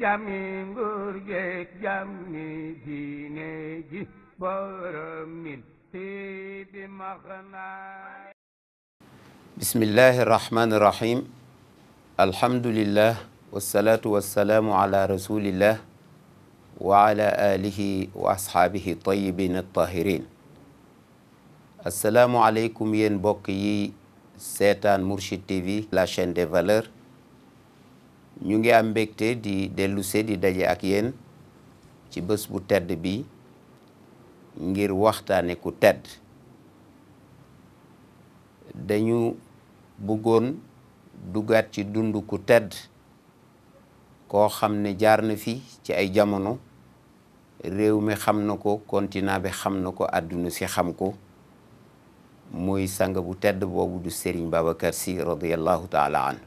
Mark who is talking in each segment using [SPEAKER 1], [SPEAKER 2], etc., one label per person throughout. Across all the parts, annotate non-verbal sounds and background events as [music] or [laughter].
[SPEAKER 1] jami nguur geeg jami diine ji borom min
[SPEAKER 2] sidi maxnaa bismillahi irrahmani irrahim alhamdulillah wassalatu wassalaamu ala rasulillah wa ala alihi wa ashaabihi tayibin attahirin assalaamu aleykum yéen mbokk yi seetaan Mourchid TV la chaîne des valeurs ñu ngi am mbégte di delluse di daje ak yéen ci bés bu tedd bi ngir waxtaane ku tedd dañu bëggoon dugaat ci dund ku tedd koo xam ne jaar na fi ci ay jamono réew mi xam na ko continent bi xam na ko àdduna si xam ko mooy sanga bu tedd boobu du Serigne Babacar Sy radiyallahu taala anhu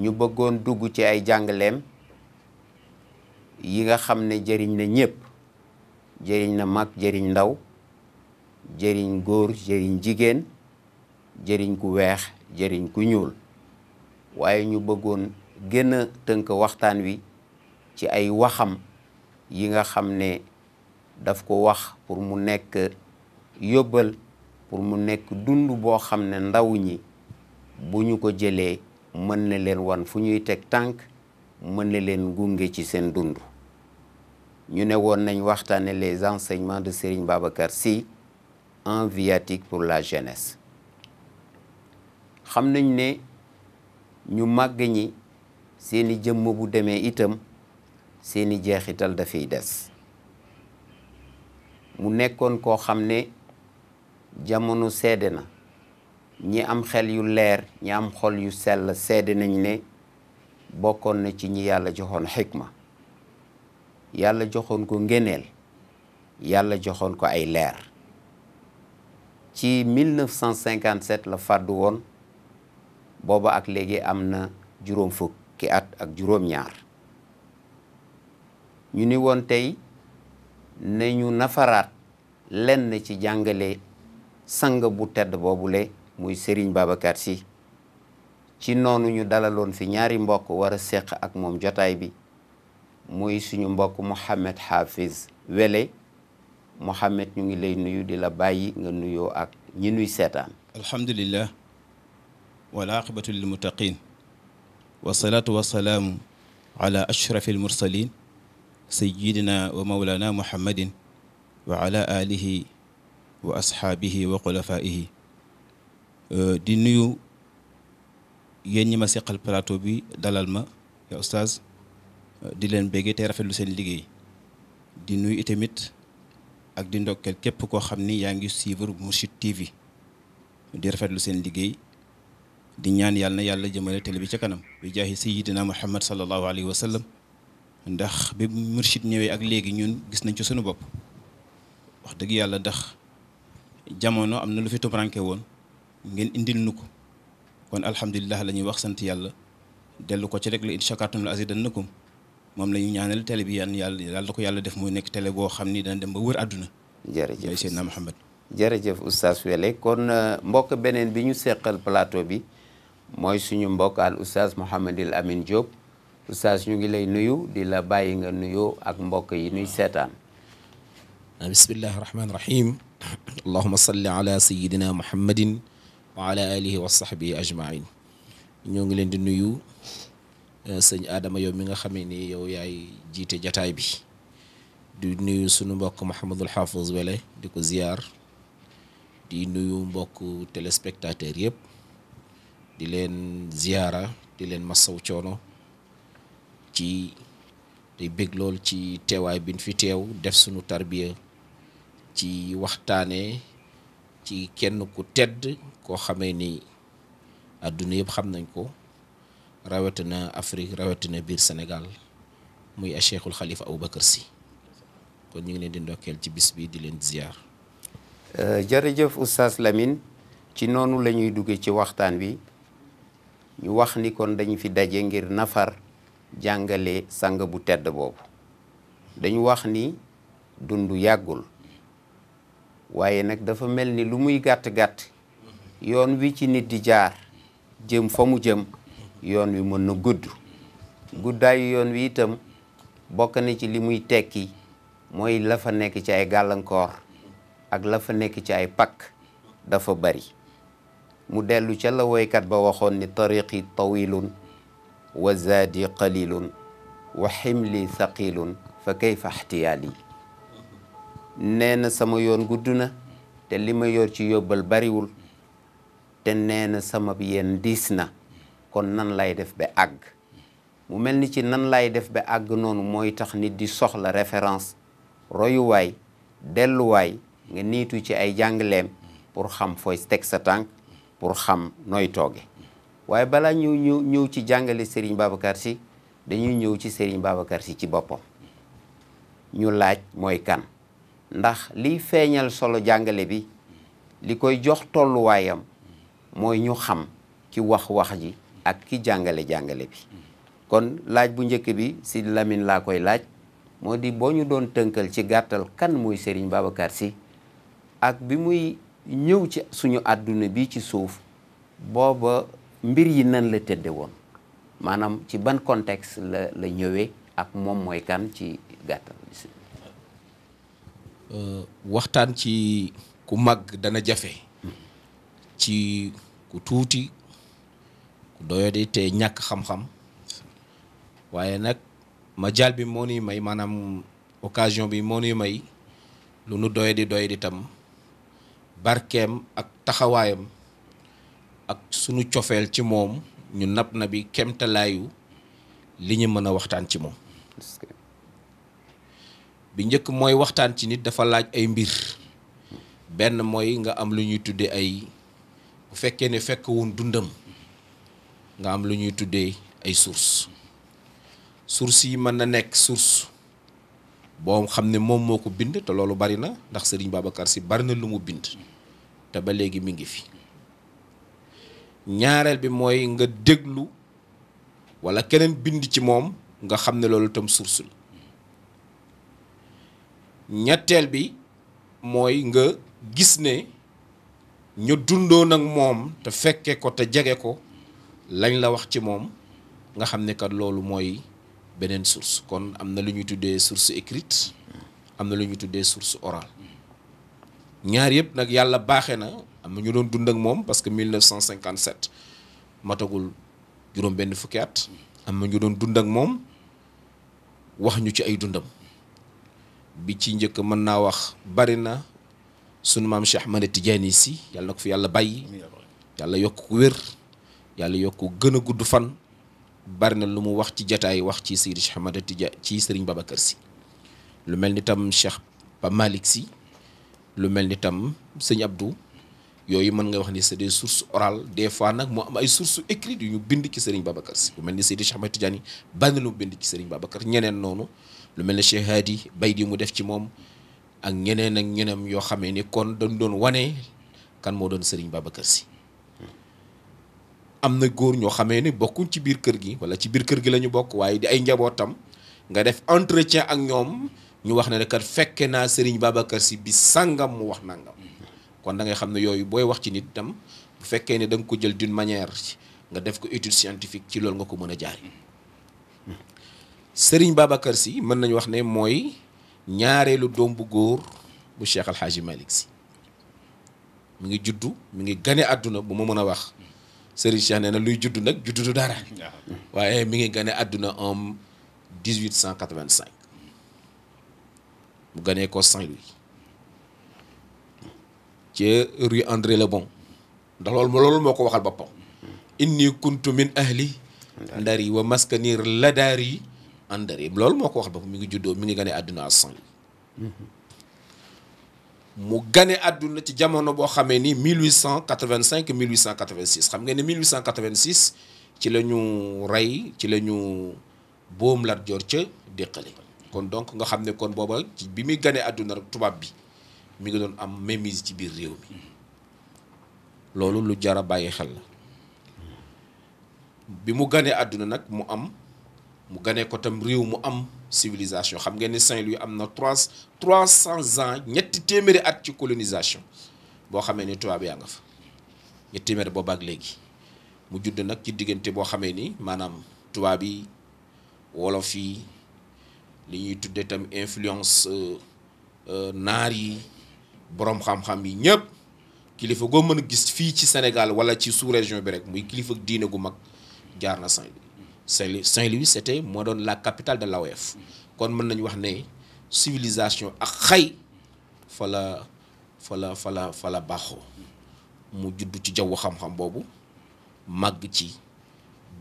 [SPEAKER 2] ñu bëggoon dugg ci ay jàngaleem yi nga xam ne jëriñ na ñëpp jëriñ na mag jëriñ ndaw jëriñ góor jëriñ jigéen jëriñ ku weex jëriñ ku ñuul waaye ñu bëggoon gën a tënk waxtaan wi ci ay waxam yi nga xam ne daf ko wax pour mu nekk yóbbal pour mu nekk dund boo xam ne ndaw ñi bu ñu ko jëlee mën na leen wan fu ñuy teg tànk mën na leen gunge ci seen dund ñu ne woon nañ waxtaane les enseignements de Serigne Babacar Sy un viatique pour la jeunesse xam nañ ne ñu màgg ñi seeni jëmm bu demee itam seeni jeexital dafay des mu nekkoon koo xam ne jamono seede na ñi am xel yu leer ñi am xol yu sell sedd nañ ne bokkoon na ci ñi yàlla joxoon xikma yàlla joxoon ko ngëneel yàlla joxoon ko ay leer ci 1957 la fàddu woon booba ak léegi am na juróom fukki at ak juróom-ñaar ñu ni woon tey nañu nafaraat lenn ci jàngale sang bu tedd boobule muy Serigne Babacar Sy ci noonu ñu dalaloon fi ñaari mbokk war a seq ak moom jotaay bi muy suñu mbokk Mouhamed Hafiz Wele Mouhamed ñu ngi lay nuyu di la bàyyi nga nuyoo ak
[SPEAKER 3] ñi nuy seetaan alhamdulillah wal aqibatu lil muttaqin wasalaatu wasalaamu ala almursalin sayidina wa maulana muhammadin wa ala wa ashaabihi wa xulafaihi Euh, di nuyu yéen ñi ma seqal plateau bi dalal ma ya oustaz euh, di leen béggee te rafetlu seen liggéey di nuyu itamit ak di ndokkeel képp koo xam ni yaa ngi suivre Mourchid TV di rafetlu seen liggéey di ñaan yàlla na yàlla jëmale télé bi ca kanam bi jaahi sayyidina muhammad sallallahu alayhi wa sallam ndax bi Mourchid ñëwee ak léegi ñun gis nañ ci sunu bopp wax dëgg yàlla ndax jamono am na lu fi tumranke woon ngeen indil nu ko kon alhamdulilah la ñuy wax sant yàlla dellu ko ci rek la in shakartum la azidannakum moom la ñu ñaanal télé bi yan yàlla yàlla ko yàlla def muy nekk télé boo xam ni dana dem ba wër àdduna. jërëjëf mooy Seydina Mohamed.
[SPEAKER 2] jërëjëf oustaz Wele kon euh, mbokk beneen bi ñu seqal plateau bi mooy suñu mbokk al oustaz Mouhamadil Amine Diop oustaz ñu ngi lay nuyu di la bàyyi nga nuyoo ak mbokk yi nuy seetaan.
[SPEAKER 1] bismillahi rahmaani rahim. allahuma salli ala sayidina muhammadin wa ala alihi wa sahbihi ajmain ñoo ngi leen di nuyu eh, sëñ Adama yow mi nga xamee ni yow yaay jiite jataay bi di nuyu sunu mbokk Mouhamadul Hafiz Wele di ko ziyaar di nuyu mbokk téléspectateur yëpp di leen ziyaara di leen masaw coono ci di bég lool ci teewaay biñ fi teew def sunu tarbiya ci waxtaane ci kenn ku tedd koo xamee ni àdduna yëpp xam nañ ko rawetuna Afrique rawetuna biir senegal muy Cheikhul Khalifa Aboubacar Sy
[SPEAKER 2] kon ñu ngi leen di ndokkeel ci bis bi di leen ziar. Euh, jërëjëf oustaz Lamine ci noonu lañuy ñuy duggee ci waxtaan wi ñu wax ni kon dañu fi daje ngir nafar jàngale sàng bu tedd boobu dañu wax ni dund yàggul waaye nag dafa mel ni lu muy gàtt gàtt. yoon wi ci nit di jaar jëm fa mu jëm yoon wi mën na gudd guddaayu yoon wi itam bokk na ci li muy tekki mooy la fa nekk ci ay gàllankoor ak la fa nekk ci ay pakk dafa bari mu dellu ca la woykat ba waxoon ni tariqi tawilun wa zaadi qalilun wa ximli thaqilun fa kayfa ixtiyaali nee na sama yoon gudd na te li ma yor ci yóbbal bariwul te nee na sama yéen diis na kon nan lay def ba àgg mu mel ni ci nan lay def ba àgg noonu mooy tax nit di soxla référence royuwaay delluwaay nga niitu ci ay jàngaleem pour xam fooy teg sa tànk pour xam nooy tooge waaye balaa ñu ñëw ñëw ci jàngale Serigne Babacar Sy dañuy ñëw ci Serigne Babacar Sy ci boppam ñu laaj mooy kan ndax liy feeñal solo jàngale bi li koy jox tolluwaayam mooy ñu xam ci wax wax ji ak ki jàngale jàngale bi kon laaj bu njëkk bi si Lamine laa koy laaj moo di boo ñu doon tënkal ci gàttal kan mooy Serigne Babacar si ak bi muy ñëw ci suñu àdduna bi ci suuf booba mbir yi nan la tëdde woon maanaam ci ban contexte la la ñëwee ak moom mooy kan ci gàttal
[SPEAKER 1] euh, waxtaan ci ku mag dana jafe ci ku tuuti doyadi te ñàkk xam-xam waaye nag ma majaal bi moo nuy may maanaam occasion bi moo nuy may lu nu doyadi doyadi tam barkeem ak taxawaayam ak sunu cofeel ci moom ñu nab na bi kemtalaayu li ñu mën a waxtaan ci moom bi njëkk mooy waxtaan ci nit dafa laaj ay mbir benn mooy nga am lu ñuy tudde ay bu fekkee ne fekk woon dundam nga am lu ñuy tuddee ay source source yi mën na nekk source boo xam ne moom moo ko bind te loolu bari na ndax sëriñ Babacar si bari na lu mu bind te ba léegi mi ngi fi ñaareel bi mooy nga déglu walla keneen bind ci moom nga xam ne loolu tam source la ñetteel bi mooy nga gis ne ñu dundoo nag moom te fekkee ko te jege ko lañ la wax ci moom nga xam ne kat loolu mooy beneen source kon am na lu ñuy tuddee source écrite am na lu ñuy tuddee source orale ñaar yëpp nag yàlla baaxee na am na ñu doon dund ak moom parce que 1957 matagul juróom benn fukki at am na ñu doon dund ak moom wax ñu ci ay dundam bi ci njëkk mën naa wax bari na sunu maam Cheikh Ahmada Tidiane si yàlla ko fi yàlla bàyyi yàlla yokk ko wér yàlla yokk ko gën a gudd fan bari na lu mu wax ci jataay wax ci Seydi Cheikh Ahmada ci Serigne babakar si lu mel ni tam Cheikh Ba Malick si lu mel ni tam sëñ Abdou yooyu mën nga wax ni c'est des sources orales des fois nag moo am ay sources écrites yu bind ci Serigne Babacar si mel ni Seydi Cheikh Ahmada Tidiane bari bind ci Serigne Babacar ñeneen noonu lu mel ni Cheikh bay di mu def ci moom ak ñeneen ak ñeneen yoo xamee ni kon dañ doon wane kan moo doon Serigne Babacar Sy am na góor ñoo xamee ni bokkuñ ci biir kër gi wala ci biir kër gi la ñu bokk waaye di ay njabootam nga def entretien ak ñoom ñu wax ne ne kat fekke naa Serigne Babacar Sy bi sàngam mu wax nangam kon dangay xam ne yooyu booy wax ci nit tam bu fekkee ne danga ko jël d'une manière nga def ko étude scientifique ci loolu nga ko mën a jaari Serigne Babacar Sy mën nañu wax ne mooy. ñaareelu doom bu góor bu Cheikh Al Hadj si mu ngi juddu mi ngi gane àdduna bu ma mën a wax Serigne Cheikh nee na luy juddu nag juddu du dara waaye mi ngi gane àdduna en 1885 mu ganee ko Saint-Louis ci rue André Lebon ndax loolu loolu moo ko waxal boppam inni kuntu min ahli ndari wa maskanir ladaari André loolu moo ko wax boppam mi ngi juddoo mi ngi gane àdduna à Saint-Louis mu ci jamono boo xamee ni 1885 1886 xam ngeen ne 1886 ci la ñu rey ci la ñu boom Lat Joor ca déqale kon donc nga xam ne kon booba ci bi muy gane àdduna tubaab bi mi ngi doon am mémise ci biir réew mi loolu lu jar a bàyyi xel la bi mu ganee àdduna nag mu am mu gane ko tam réew mu am civilisation xam ngeen ni saint am na trois trois cents ans ñetti téeméeri at ci colonisation boo xamee ni tubaab yaa nga fa ñetti téeméeri booba ak léegi mu judd nag ci diggante boo xamee ni maanaam tubaab yi wolof yi li ñuy tuddee tam influence euh, euh, naar yi boroom xam-xam yi ñëpp kilifa goo mën a gis fii ci Sénégal wala ci sous-région bi rek muy kilifa diine gu mag jaar na Saint-Louis Saint-Louis Saint-Louis moo doon la capitale de la l'AOF kon mën nañu wax ne civilisation ak xay fa la fa la fa la fa la baaxoo mu judd ci jaww xam-xam boobu màgg ci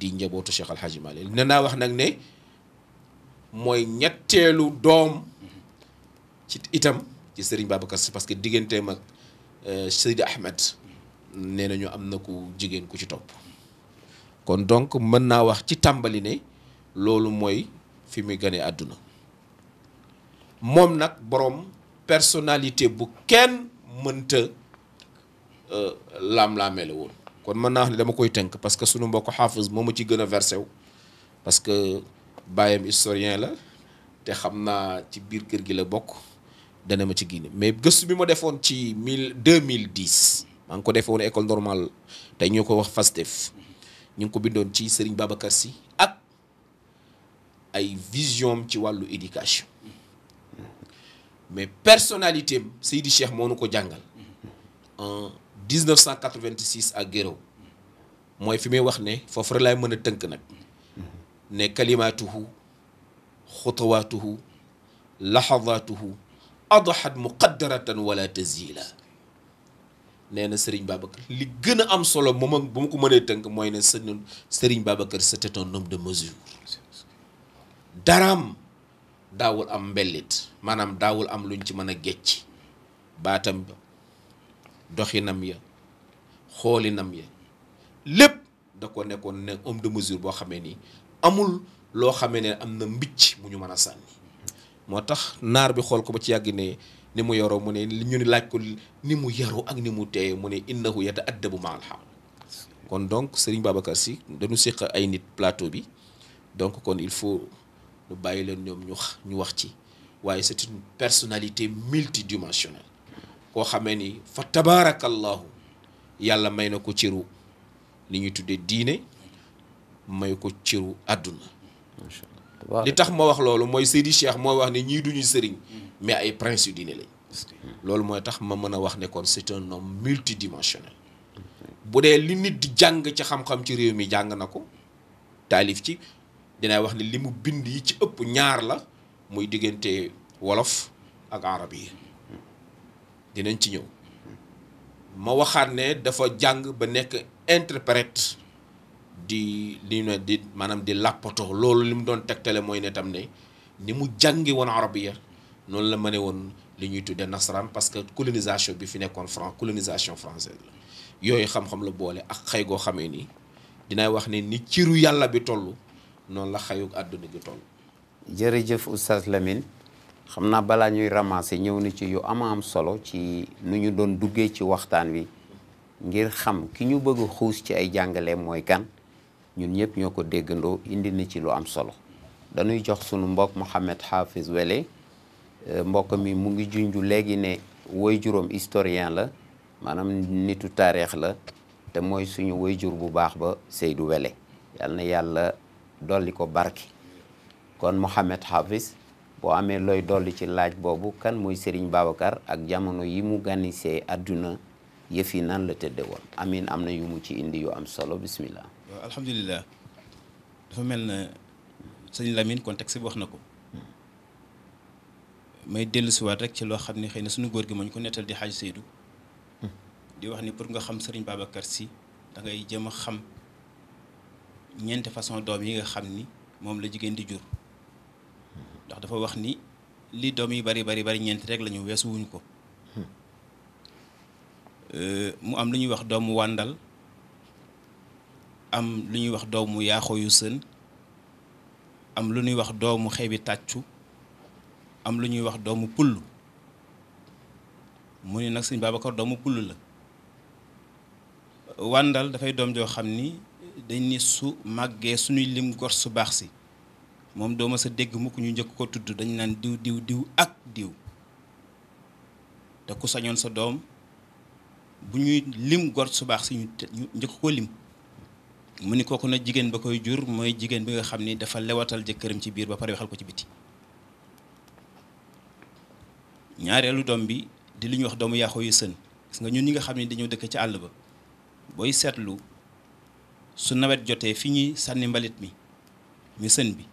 [SPEAKER 1] di njabootu Cheikh Al Hadj nee naa wax nag ne mooy ñetteelu doom ci itam ci Serigne Babacar parce que digganteem ak euh, Seydi Ahmed nee nañu am na ku jigéen ku ci topp. kon donc mën naa wax ci tàmbali ne loolu mooy fi muy gane àdduna moom nag boroom personnalité bu kenn mënta euh, laam-laamee la woon kon mën naa wax ne dama koy tënk parce que sunu mbokk xaafis moom ma ci gën a versé wu parce que bàyyam historien la te xam naa ci biir kër gi la bokk dana ma ci génne mais gëstu bi ma defoon ci mille deux mille dix maa ngi ko defee woon école normale tey ñoo ko wax FASTEF ñu ngi ko bindoon ci Serigne Babacar Sy ak ay vision ci wàllu éducation mais personnalité am Seydi Cheikh moo nu ko jàngal en 1986 ak Guéréo mooy fi may wax ne foofu rek laay mën a tënk nag ne kalimaatuhu xutuwaatuhu laxadaatuhu adaxat muqaddaratan wala tazila nee na Serigne Babacar li gën a am solo moom ak bu ma ko mënee tënk mooy ne Serigne Babacar c'était un homme de mesure daraam daawul am mbellit maanaam daawul am luñ ci mën a gecc baatam ba doxinam ya xoolinam ya lépp da ko nekkoon ne homme de mesure boo xamee nii amul loo xamee ne am na mbicc mu ñu mën a sànni moo tax naar bi xool ko ba ci yàgg ne ni mu yoroo mu ne ñu ni laaj ko ni mu yaru ak ni mu teeye mu ne innahu yata addabu ma alxaq kon donc Serigne Babacar Sy dañu séq ay nit plateau bi donc kon il faut ñu bàyyi leen ñoom ñu wax ñu wax ci waaye c'est une personnalité multidimensionnelle koo xamee ni fa tabaarakallahu yàlla may na ko ciru li ñuy tuddee diine may ko ciru àdduna li tax ma wax loolu mooy Seydi Cheikh mooy wax ne ñii duñu sëriñ mais ay prince yu diine lañ loolu mooy tax ma mën a wax ne kon nom un homme bu dee li nit di jàng ci xam-xam ci réew mi jàng na ko taalif ci dinaa wax ni li mu bind yi ci ëpp ñaar la muy diggante wolof ak arab yi dinañ ci ñëw ma waxaat ne dafa jàng ba nekk interprète di li ne di maanaam di làppatoo loolu li mu doon teg tele mooy ne tam ne ni mu jàngi woon arabiya noonu la mëne woon li ñuy tuddee nasaraan parce que colonisation bi fi nekkoon franc colonisation française la yooyu xam-xam la boole ak xay goo xamee nii dinaay wax ne ni ciru yàlla bi toll noonu la xayu àdduna gi toll.
[SPEAKER 2] jërëjëf oustaz Lamine xam naa balaa ñuy ramasser ñëw na ci yu am am solo ci nu ñu doon duggee ci waxtaan wi ngir xam ki ñu bëgg xuus ci ay jàngale mooy kan ñun ñëpp ñoo ko déggandoo indi na ci lu am solo dañuy jox sunu mbokk Mouhamed Hafiz Wele. Euh, mbokk mi mu ngi junju léegi ne woy juróom historien la maanaam nitu taarix la te mooy suñu woy jur bu baax ba Seydou Wele yal na yàlla dolli ko barki kon Mouhamed Hafiz boo amee looy dolli ci laaj boobu kan mooy Serigne Babacar ak jamono yi mu ganisee àdduna yëf yi nan la tëdde woon amin am na yu mu ci indi yu am solo bismillah
[SPEAKER 3] waaw dafa mel na sëñ Lamine contexte bi wax na ko may dellu siwaat rek ci loo xam ne xëy na suñu góor gi moo ñu ko nettal di xaaj Seydou di wax ni pour nga xam Serigne Babacar si dangay jëm a xam ñeenti façon doom yi nga xam ni moom la jigéen di jur ndax dafa wax ni li doom yi bari bari bari ñeenti rek la ñu weesu wuñ ko euh, mu am lu ñuy wax doomu wàndal am lu ñuy wax doomu yaaxoo yu sën am lu ñuy wax doomu xeebi tàccu am lu ñuy wax doomu pull mu ni nag sëñ Babacar doomu pull la wàndal dafay doom joo xam ni dañ ni su màggee suñuy lim gor su baax si moom dooma sa dégg mukk ñu njëkk ko tudd dañ naan diw diw diw ak diw te ku sañoon sa doom bu ñuy lim gor su baax si ñu njëkk ko lim mu ni kooku na jigéen ba koy jur mooy jigéen bi nga xam ni dafa lewatal jëkkëram ci biir ba pare waxal ko ci biti ñaareelu doom bi di li ñuy wax doomu yaaxoo yu sën gis nga ñun ñi nga xam ne dañoo dëkk ci àll ba booy seetlu su nawet jotee fi ñuy sànni mbalit mi ñu sën bi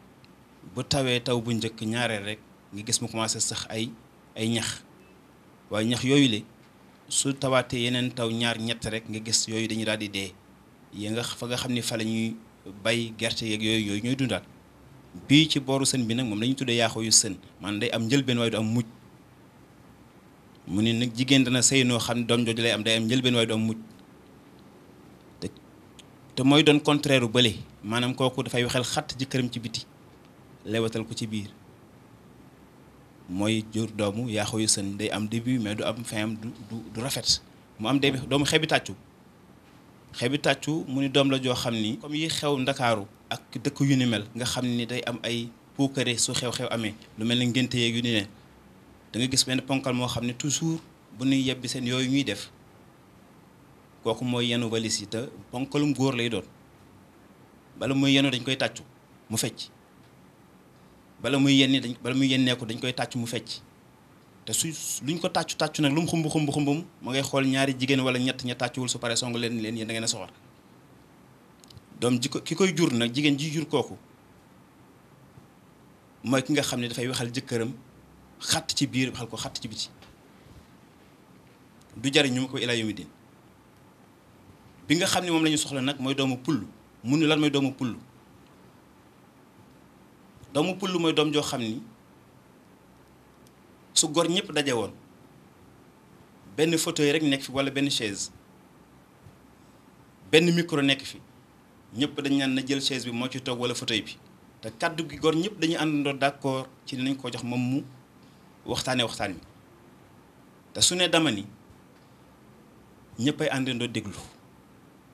[SPEAKER 3] bu tawee taw bu njëkk ñaareel rek nga gis mu commencé sax ay ay ñax waaye ñax yooyu le su tawaatee yeneen taw ñaar ñett rek nga gis yooyu dañu daal di dee ya nga fa nga xam ni fa la ñuy bay gerte yeeg yooyu yooyu ñooy dundaat bii ci booru sën bi nag moom la tuddee yaaxoo yu sën man day am njëlbeen waaye mu ne nag jigéen dana sëy noo xam ne doom jooju lay am day am njëlbeen waaye doom mujj te te mooy doon contraire u bële maanaam kooku dafay waxel xat jëkkëram ci biti lewatal ko ci biir mooy jur doomu yaa yu sën day am début mais du am fin am du rafet mu am début doomu xebi tàccu xebi tàccu mu ni doom la joo xam ni comme yi xew ndakaaru ak dëkk yu ni mel nga xam ni day am ay puukare su xew-xew amee lu mel ni ngénte yeeg yu ni ne da nga gis benn ponkal moo xam ne toujours bu ñuy yebbi seen yooyu ñuy def kooku mooy yenu valise yi te ponkalum góor lay doon bala muy yenu dañ koy tàccu mu fecc bala muy yenni dañ bala muy yenneeku dañ koy tàccu mu fecc te su luñ ko tàccu tàccu nag lu mu xumb xumb xumbum mu ngay xool ñaari jigéen wala ñett ña tàccuwul su paree song leen leen yéen da ngeen a soxor doom ji ko ki koy jur nag jigéen ji jur kooku mooy ki nga xam ne dafay waxal jëkkëram xatt ci biir xal ko xatt ci bi ci du jariñ ñu ma ko ilaa yawmi bi nga xam ne moom la soxla nag mooy doomu pull mun lan mooy doomu pull doomu pull mooy doom joo xam ni su gor ñëpp daje woon benn fauteuil rek nekk fi walla benn chaise benn micro nekk fi ñëpp dañ naan na jël chaise bi moo ci toog walla fauteuil bi te kàddu gi gor ñëpp dañuy àndandoo d'accord ci nañ ko jox moom mu waxtaanee waxtaan wi te su ne dama ni ñëppay àndandoo déglu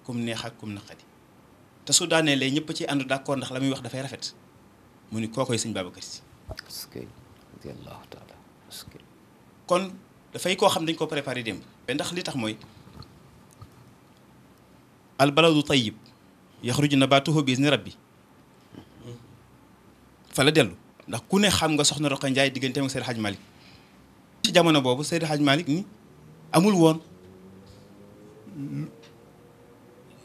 [SPEAKER 3] kum neex ak kum naqadi te su daanee lee ñëpp ci ànd d'accord ndax la muy wax dafay rafet mu ni kookoy sëñ Babacar Si radiyallahu kon dafay koo xam dañ koo préparé démb ndax li tax mooy al baladu tayyib yaxruju nabatuhu bi izni rabbi fa la dellu ndax ku ne xam nga soxna Roqe Ndiaye digganteem ak Seydi Hadj Malick ci jamono boobu Seydi xaj malik ni amul woon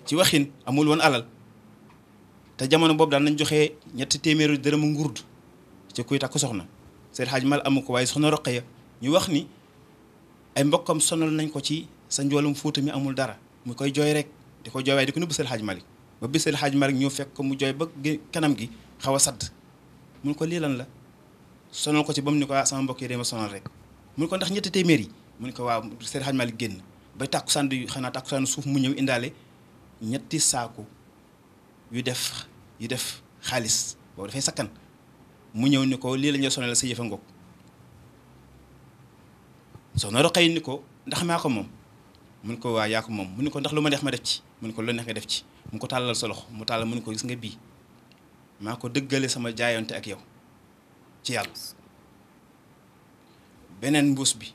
[SPEAKER 3] ci waxin amul woon alal te jamono boobu daan nañ joxe ñett téeméeri dërëmu ngurd ci kuy takk soxna Seydi Hadj mal amu ko waaye soxna Roqe ya ñu wax ni ay mbokkam sonal nañ ko ci sa njoolum Fuuta mi amul dara mu koy jooy rek di ko jooy waaye di ko nëbb Seydi Hadj Malick ba bi Seydi Hadj Malick ñoo fekk ko mu jooy ba kanam gi xaw a sadd mun ko lii lan la sonal ko ci ba mu ni ko ah sama mbokk yi dama sonal rek mun ko ndax ñetti téeméer yi mun ko waaw seen xaj Malick génn ba tàkkusaan di xanaa tàkkusaan suuf mu ñëw indaale ñetti saaku yu def yu def xaalis boobu dafay sakkan mu ñëw ni ko lii la ñuy sonal sa yëfa ngoog soxna Roqay ni ko ndax maa ko moom mun ko waa yaa ko moom mu ni ko ndax lu ma neex ma def ci mun ko lu neex nga def ci mu ko tàllal sa loxo mu tàllal mu ni ko gis nga bii maa ko dëggale sama jaayante ak yow ci yàlla beneen mbuus bi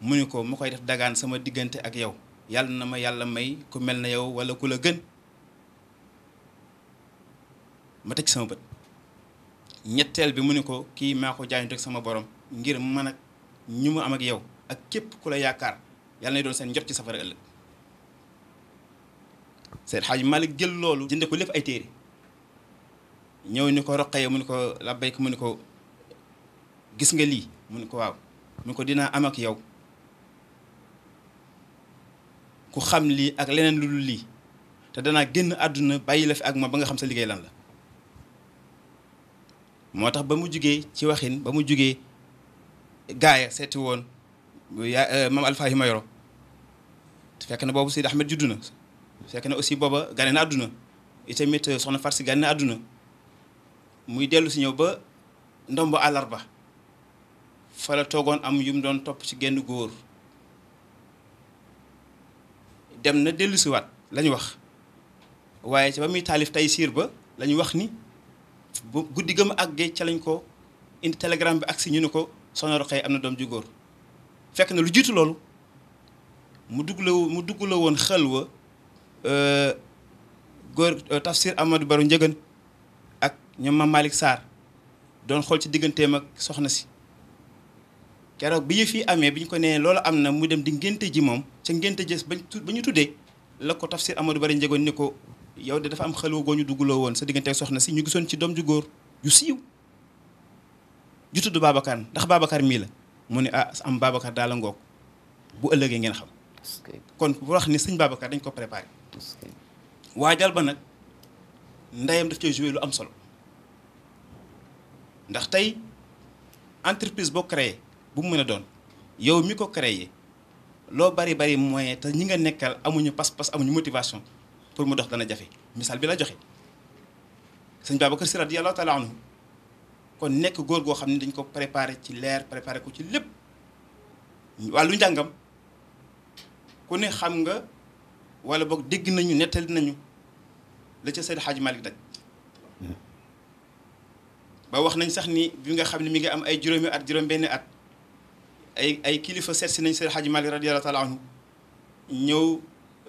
[SPEAKER 3] mu ni ko mu koy def dagaan sama diggante ak yow yàlla na ma yàlla may ku mel na yow wala ku la gën ma teg sama bët ñetteel bi mu ni ko kii maa ko jaayante ak sama borom ngir man ak ñu mu am ak yow ak képp ku la yaakaar yàlla nay doon seen njot ci safara ëllëg seen xaaj Malick jël loolu jënde ko lépp ay téere ñëw ni ko roqee mu ni ko labbayk mu ni ko gis nga lii mu ni ko waaw mu ni ko dina am ak yow ku xam lii ak leneen lu dul lii te danaa génn àdduna bàyyi la fi ak ma ba nga xam sa liggéey lan la moo tax ba mu jugee ci waxin ba mu jugee gaaya seeti woon yaa euh, maam Alpha yi ma yoro fekk na boobu Seydi Ahmed juddu na fekk na aussi booba gane na àdduna itamit euh, soxna Farsi gane na àdduna muy dellu si ñëw ba ndomb àllarba fa la toogoon am yu mu doon topp ci genn góor dem na dellu siwaat lañu wax waaye ca ba muy taalif tey siir ba lañu wax ni bu guddi gëm àggee ca lañ ko indi télégramme bi si ñu ne ko soxna Roqaya am na doom ju góor fekk na lu jiitu loolu mu dugg la mu dugg woon xel wa euh, góor euh, tafsir amadu baru Njëgën ñoom ma Malick saar doon xool ci digganteem ak soxna si keroog bi yëf yi amee bi ñu ko nee loolu am na mu dem di ngénte ji moom ca ngénte jës bañ ba ñu tuddee la ko tafsir Amadou Bari Njëgoon ni ko yow de dafa am xel ñu dugguloo woon sa digganteeg soxna si ñu gisoon ci doom ju góor ju siiw ju tudd Babacar ndax Babacar mii la mu ne ah am Babacar daal la ngoog bu ëllëgee ngeen xam. kon bu wax ni sëñ Babacar dañ ko préparé. waajal ba nag ndeyam daf cay lu am solo. ndax tey entreprise boo créé bu mu mën a doon yow mi ko créé loo bari bari moyen te ñi nga nekkal amuñu pas-pas amuñu motivation pour mu dox dana jafe misaal bi la joxe sëñ Babacar Si radiyallahu taala anhu kon nekk góor goo xam ne dañ ko préparé ci leer préparé ko ci lépp wàllu njàngam ku ne xam nga wala boog dégg nañu nettali nañu la ca Seydi Hadji Malick daj ba wax nañ sax ni bi nga xam ne mi ngi am ay juróomi at juróom benn at ay ay kilifa seet si nañ seen xaji Malik radiyallahu taala anhu ñëw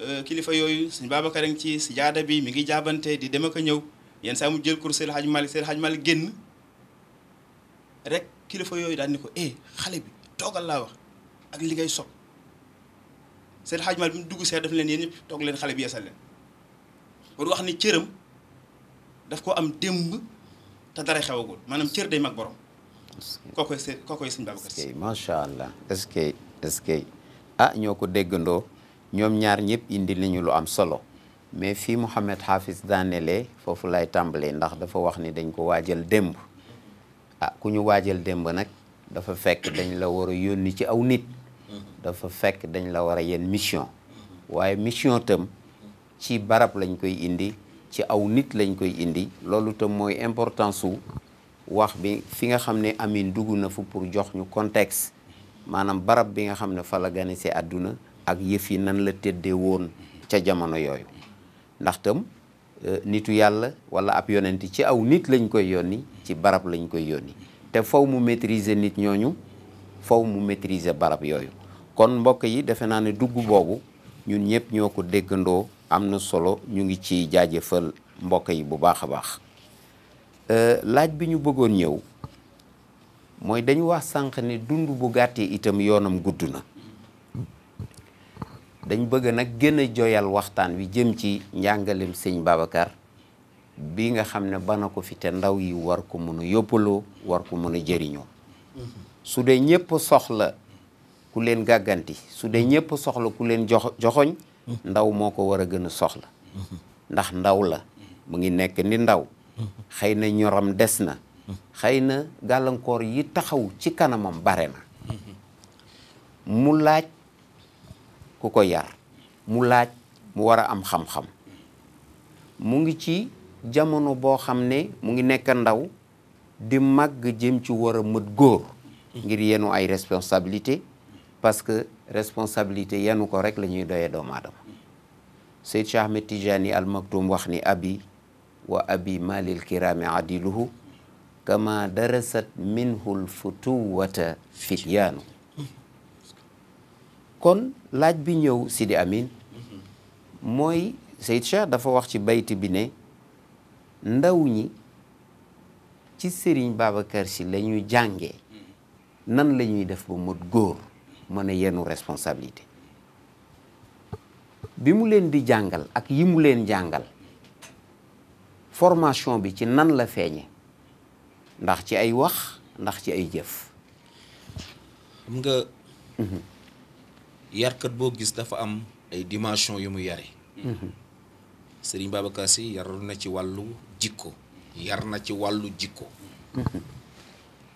[SPEAKER 3] euh, kilifa yooyu suñ Babacar a ci si jaada bi mi ngi jaabante di dem ak a ñëw yenn saa mu jël kur seen xaji Malik seen xaji Malik génn rek kilifa yooyu daal ko eh bi toogal laa wax ak li ngay sob seen xaji Malik bi mu dugg seet daf leen yéen ñëpp toog leen xale bi yeesal leen pour wax ni cëram daf ko am démb te dara xewagul maanaam cër day mag borom. kookoy seen kookoy
[SPEAKER 2] Si. macha allah est que ah ñoo ko déggandoo ñoom ñaar ñëpp indi li ñu lu am solo mais fii Mouhamed Hafiz daanelee foofu lay tàmbalee ndax dafa wax ni dañ ko waajal démb ah ku ñu waajal démb nag dafa fekk dañ la war a yónni ci aw nit. dafa fekk dañ la war a yenn mission. Mm-hmm. waaye mission tam ci barab lañ koy indi. ci aw nit lañ koy indi loolu tam mooy importance su wax bi fi nga xam ne Amine dugg na fu pour jox ñu contexte maanaam barab bi nga xam ne fa si àdduna ak yëf yi nan la tëddee woon ca jamono yooyu ndax tam euh, nitu yàlla wala ab yonent ci aw nit lañ koy yónni ci barab lañ koy yónni te faw mu maîtriser nit ñooñu faw mu maîtriser barab yooyu kon mbokk yi defe naa ne dugg boobu ñun ñëpp ñoo ko déggandoo am na solo ñu ngi ci jaajëfal mbokk yi bu baax a baax euh, laaj bi ñu bëggoon ñëw mooy dañ wax sànq ni dund bu gàttee itam yoonam gudd na dañ bëgg nag gën a joyal waxtaan wi jëm ci njàngalem sëñ Babacar bi nga xam ne bana ko fi te ndaw yi war ko mun a yóppaloo war ko mun a jëriñoo su dee ñëpp soxla ku leen gàgganti su dee ñëpp soxla ku leen joxoñ ndaw moo ko war a gën a soxla ndax ndaw la mu ngi nekk ni ndaw xëy na ñoram des na xëy na gàllankoor yi taxaw ci kanamam bare na mu laaj ku ko yar mu laaj mu war a am xam-xam mu ngi ci jamono boo xam ne mu ngi nekk ndaw di màgg jëm ci war a mët góor ngir yenu ay responsabilité parce responsabilité yenu ko rek la ñuy doyee doomu aadama Seyd Cheikh wax ni abi wa abi malil kirami adiluhu kama darasat minhu l futuwata fityaanu kon laaj bi ñëw Sidi Amin mooy Seyd Cheikh dafa wax ci bayt bi ne ndaw ñi ci sëriñ Babacar Sy la jànge nan lañuy ñuy def ba mot góor mën a yenu responsabilité bi mu leen di jàngal ak yi mu leen jàngal formation bi ci nan la feeñe ndax ci ay wax ndax ci ay jëf
[SPEAKER 1] xam nga mhm. yarkat boo gis dafa am ay dimension yu mu yare mhm. Serigne Babacar Sy yar na ci wàllu jikko yar na ci wàllu jikko mhm.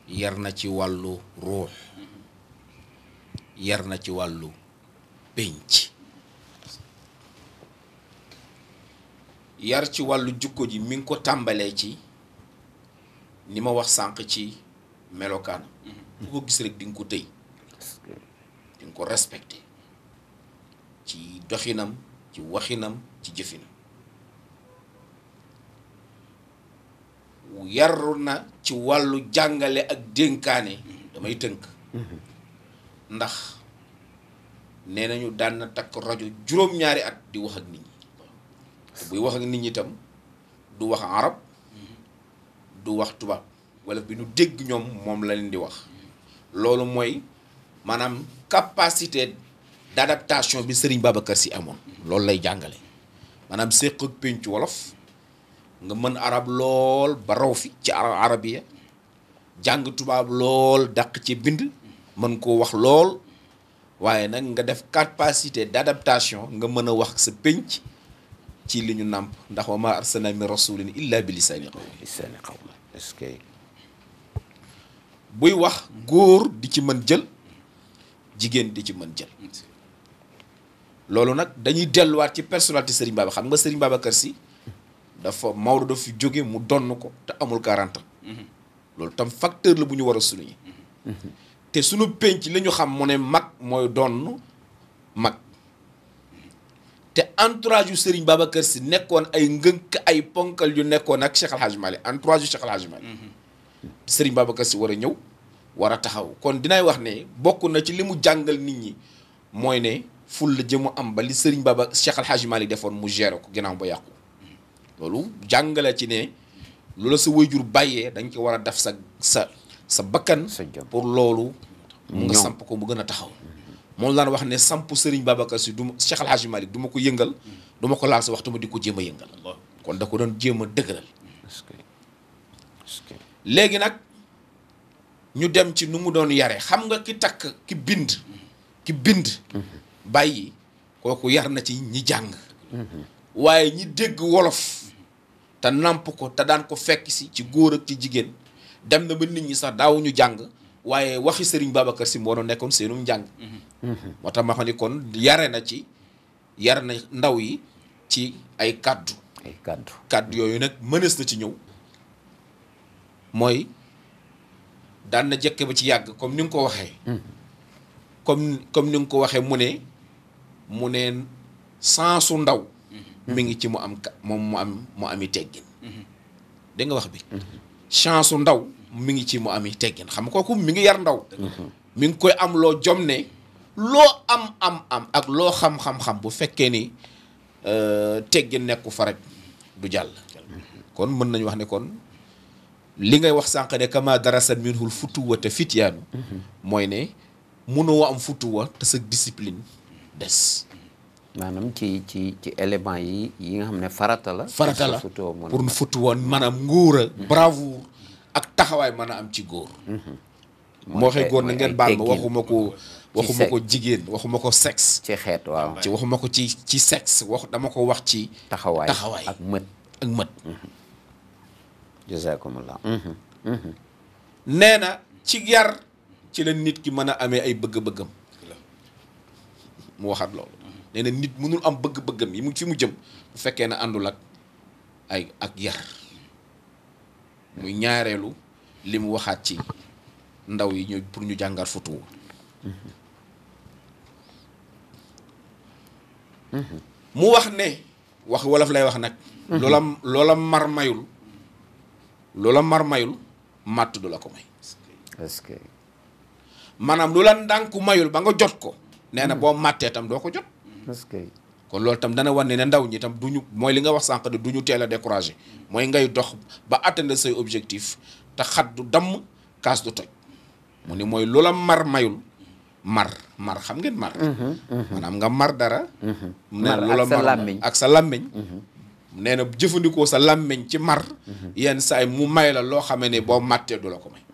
[SPEAKER 1] yar na ci wàllu ruux yar na ci wàllu pénc yar ci wàllu jukko ji mi ngi ko tàmbalee ci ni ma wax sànq ci melokaan bu mhm. ko gis rek di nga ko tëy di nga ko respecté ci doxinam ci waxinam ci jëfinam yaru na ci wàllu jàngale ak dénkaane mhm. damay tënk mhm. ndax nee nañu daan na takk rajo juróom-ñaari at di wax ak nit ñi buy wax ak nit ñi itam du wax arab du wax tubaab wala bi ñu dégg ñoom moom la leen di wax loolu mooy maanaam capacité d'adaptation bi Serigne Babacar Sy amoon loolu lay jàngale maanaam séq ak péncu wolof nga mën arab lool ba raw fi ci arab jàng tubaab lool daq ci bind mën koo wax lool waaye nag nga def capacité d'adaptation nga mën a wax sa pénc ci li ñu nàmp ndax wa ma arsalna min rasulin illa bi lisaani qawmi lisaani qawmi est buy wax góor di ci mën jël jigéen di ci mën jël loolu nag dañuy delluwaat ci personnalité Serigne Baba xam nga Serigne Babacar Sy dafa Maodo daf jóge mu donn ko te amul 40 ans mm-hmm. loolu tam facteur la bu ñu war a souligner mm-hmm. te sunu penc li ñu xam mu ne mag mooy doon mag te entourage yu sëriñ Babacar Sy nekkoon ay ngënk ay ponkal yu nekkoon ak Cheikh Al Hadj Malick entourage yu Cheikh Al Hadj Malick mm-hmm. Serigne war a ñëw war a taxaw kon dinay wax ne bokk na ci li mu jàngal nit ñi mooy ne ful la jëmu am ba li Serigne Baba Cheikh Al defoon mu géré ko ginnaaw ba yàqu mm-hmm. loolu jàngale ci ne loola sa wayjur bàyyee dañ ko war a def sa sa sa bakkan pour loolu mu nga samp ko mu gën a taxaw moom laan wax ne samp Serigne Babacar Sy du ma Cheikh Al Hadj Malick du ko yëngal duma ko laal sa waxtu ma di ko jéem a yëngal kon da ko doon jéem a dëgëral léegi nag ñu dem ci nu mu doon yare xam nga ki takk ki bind ki bind bàyyi kooku yar na ci ñi jàng waaye ñi dégg wolof te nàmp ko te daan ko fekk si ci góor ak ci jigéen dem na ba nit ñi sax daawuñu jàng waaye waxi Serigne Babacar Sy moo doon nekkoon seenum njàng. Mm-hmm. moo tax ma xam ni kon yare na ci yar na ndaw yi ci ay kàddu. ay kàddu kàddu yooyu nag mënees na ci ñëw mooy daan na jekke ba ci yàgg comme ni nga ko waxee. Mm-hmm. comme comme ni nga ko waxee mu ne mu ne sansu ndaw. Mm-hmm. mi ngi ci mu am moom mu am mu ami teggin. dégg wax bi. chance ndaw mi ngi ci mu am yi teggin xam nga kooku mi ngi yar ndaw. mi ngi koy am loo jom ne loo am am am ak loo xam-xam-xam bu fekkee ni euh, teggin nekku fa rek du jàll. kon mën nañu wax ne kon li ngay wax sànq ne kama darasat minhul futuwa te fityaanu mhm. mooy ne
[SPEAKER 2] mënoo am futuwa te sa discipline des. maanaam ci ci ci élément yi yi nga xam ne farata la. farata la pour nu
[SPEAKER 1] futu woon maanaam nguura. Mhm. bravoure
[SPEAKER 2] ak taxawaay mën a am ci góor. Mhm. moo waxee góor na baal
[SPEAKER 1] ma waxuma ko. jigéen waxuma ko sexe. ci xeet waxuma ko ci ci sexe wax dama ko wax ci. taxawaay taxawaay ak mët ak mët. Mhm.
[SPEAKER 2] jazakumullah
[SPEAKER 1] na ci yar ci la nit ki mën a amee ay bëgg-bëggam. mu waxaat loolu. nee na nit mënul am bëgg-bëggam yi mu fi mu jëm bu fekkee ne àndul ak ay ak yar muy ñaareelu li mu waxaat ci ndaw yi ñu pour ñu jàngal futuwu mu wax ne wax wolof lay wax nag loola loola mar mayul loola mar mayul màtt du la ko may est-ce ndànku mayul ba nga jot ko nee na hmm. boo màttee tam doo ko jot kon loolu tam dana wane ne ndaw ñi tam du ñu mooy li nga wax sànq du ñu teel a découragé mooy ngay dox ba atteindre say objectif ta xat du damm kaas du toj mu ni mooy la mar mayul mar mar xam ngeen mar mm-hmm, mm-hmm. maanaam nga mar dara mm-hmm. nee na loola mar ak sa làmmiñ nee na jëfandikoo sa làmmiñ ci mar yenn saay mu may la loo xamee ne boo màttee du la ko may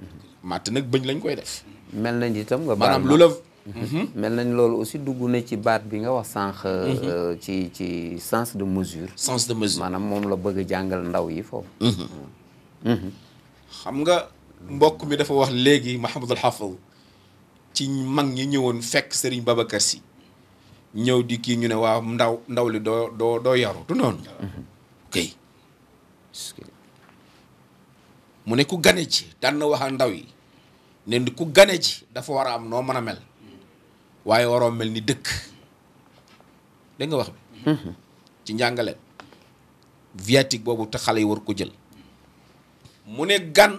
[SPEAKER 1] màtt nag bëñ lañ koy def mel nañ itam nga lu la Mhm.
[SPEAKER 2] mel nañ loolu aussi dugg na ci baat bi nga wax sànq. Euh, mhm. ci ci sens de mesure. sens de mesure maanaam moom la bëgg a jàngal ndaw yi foofu.
[SPEAKER 4] Mhm.
[SPEAKER 1] xam nga mbokk mi dafa wax léegi Mahamadul Hafiz ci mag ñi ñëwoon fekk sëriñ Babacar Sy ñëw di kii ñu ne waaw ndaw ndaw li doo doo doo yaru du noonu. kay mu ne ku gane ci daan na wax ak ndaw yi ne ku gane ci dafa war a am noo mën a mel. waaye waroo mel ni dëkk danga wax bi mhm. ci njàngale viatique boobu te xale yi war ko jël mu ne gan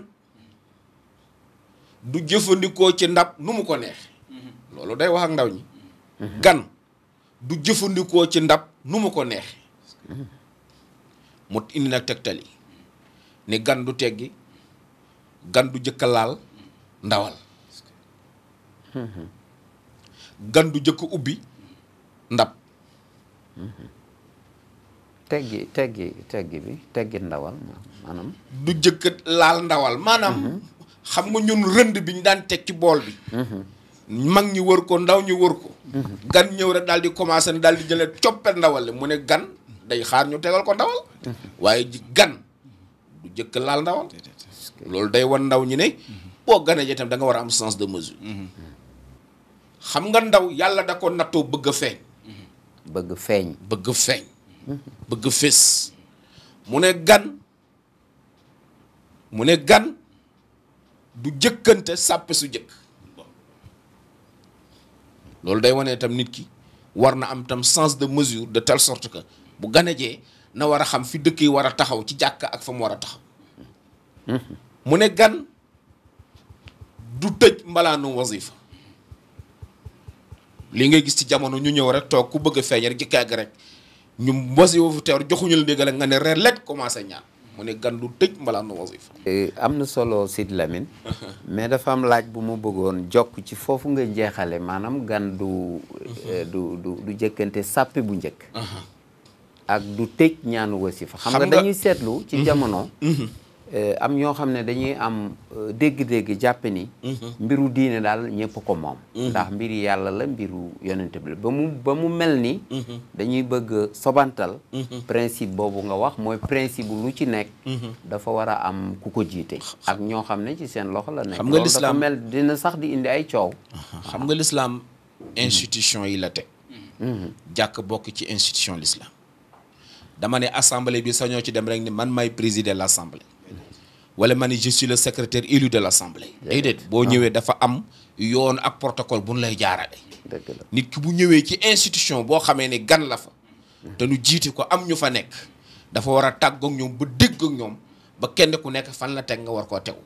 [SPEAKER 1] du jëfandikoo ci ndab nu mu ko neex mhm. loolu day wax ak ndaw ñi mhm. gan du jëfandikoo ci ndab nu mu ko neex mu indi nag tegtal yi ne gan du teggi gan du jëkkalaal ndawal
[SPEAKER 2] gan du jëkk ubbi ndab teggi teggi teggi bi teggi ndawal maanaam du jëkk
[SPEAKER 1] laal ndawal maanaam mhm. xam nga ñun rënd bi ñu daan teg ci bool bi mhm. mag ñi wër ko ndaw ñi wër ko mhm. gan ñëw rek daal di commencé ne daal di jëlee coppet ndawal mu ne gan day xaar ñu tegal ko ndawal waaye gan du jëkk laal ndawal loolu day wan ndaw ñi ne boo gane ji tam da war a am sens de mesure xam nga ndaw yàlla da ko nattoo bëgg a feeñ.
[SPEAKER 2] bëgg feeñ. bëgg feeñ. bëgg
[SPEAKER 1] fés. mu ne gan mu ne gan du jëkkante sàppe su jëkk loolu day wane itam nit ki war na am tam chance de mesure de telle sorte que bu ganajee na war a xam fi dëkk yi war a taxaw ci jàkk ak fa mu war a taxaw hmm. mu ne gan du tëj mbalaanu wasifa lii ngay gis ci jamono ñu ñëw rek toog ku bëgg a feeñ ñu mbasi fu teewar joxuñu la déggal nga ne ren lekk commencé ñaan mu ne gan lu tëj mbala am na
[SPEAKER 2] eh, am na solo Sid Lamine [laughs] mais dafa am laaj bu mu bëggoon jokk ci foofu nga jeexale maanaam gan du eh, du du du jëkkante sàppi bu njëkk ak du tëj ñaanu wasifa xam nga dañuy seetlu ci mhm. jamono mhm. Euh, am ñoo xam ne dañuy am euh, dégg-dégg jàpp ni. Mhm. mbiru diine daal ñëpp ko moom. Mhm. ndax mbiri yàlla la mbiru yonent bi la ba mu ba mu mel ni. Mhm. dañuy bëgg sobantal. principe boobu nga wax mooy principe lu ci nekk. dafa war a am ku ko jiite. ak ñoo xam ne ci seen loxo la
[SPEAKER 4] nekk. xam nga lislaam mel
[SPEAKER 2] dina sax di indi ay coow.
[SPEAKER 1] xam nga lislaam institution yi la teg. jàkk bokk ci institution lislaam dama ne assemblée bi sañoo ci dem rek ni man may présider l'assemblée. wala man ni je suis le secrétaire élu de l'assemblée déedéet boo ah. ñëwee dafa am yoon ak protocole bu ñu lay jaarale nit ki bu ñëwee ci institution boo xamee ne gan la fa te nu jiite ko am ñu fa nekk dafa war a tàggook ñoom ba dégg ak ñoom ba kenn ku nekk fan la teg nga war koo tegu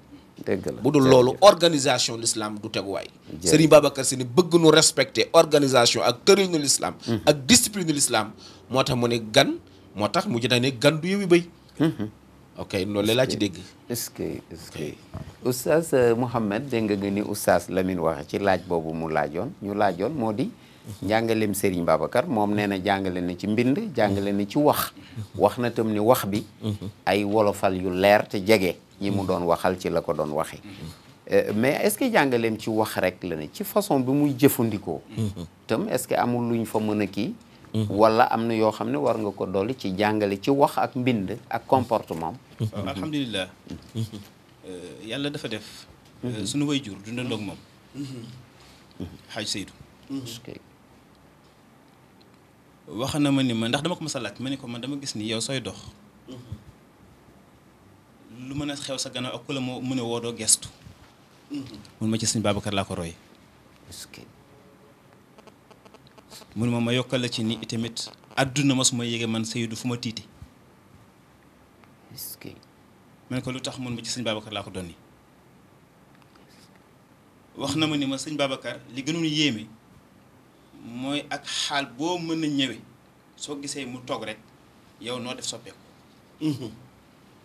[SPEAKER 1] dëgg bu dul loolu organisation l'islam du teguwaay Serigne Babacar Sy bëgg nu respecter organisation ak tërinu l'islam mhm. ak discipline l'islam moo tax mu ne gan moo tax mu jëta ne gan du yëwi ok loolu laa ci dégg.
[SPEAKER 2] est-ce que est-ce que oustaz euh, nga ni oustaz Lamine waxe ci laaj boobu mu laajoon ñu laajoon moo di. njàngaleem Serigne Babacar moom nee na jàngale na ci mbind jàngale na ci wax. wax na tam ni wax bi. ay wolofal yu leer te jege. ñi mu doon waxal ci la ko doon waxee. Euh, mais est-ce que jàngaleem ci wax rek la ci façon bi muy jëfandikoo. Mhm. tam est-ce que amul luñ fa mën a kii. Mm-hmm. wala am na yoo xam ne war nga ko dolli ci jàngale ci wax ak mbind ak comportement am
[SPEAKER 3] mm-hmm. alhamdulilah mm-hmm. euh, yàlla dafa def euh, suñu way jur dundandoog moom xaaj Seydou wax na ma ni ma ndax dama ko mës a laaj ma ni ko man dama gis nii yow sooy dox lu mën a xew sa gannaaw ak ku la moo mën a woodoo gestu mun ma ci sëñ Babacar laa ko roy mun ma ma yokkal la ci ni itamit àdduna ma su ma yéege man Seydou fu ma tiite ma ne ko lu tax mun ma ci sëñ Babacar laa ko doon wax na ma ni ma sëñ Babacar li gënul yéeme mooy ak xaal boo mën a ñëwe soo gisee mu toog rek yow noo def soppeeku
[SPEAKER 4] mhm.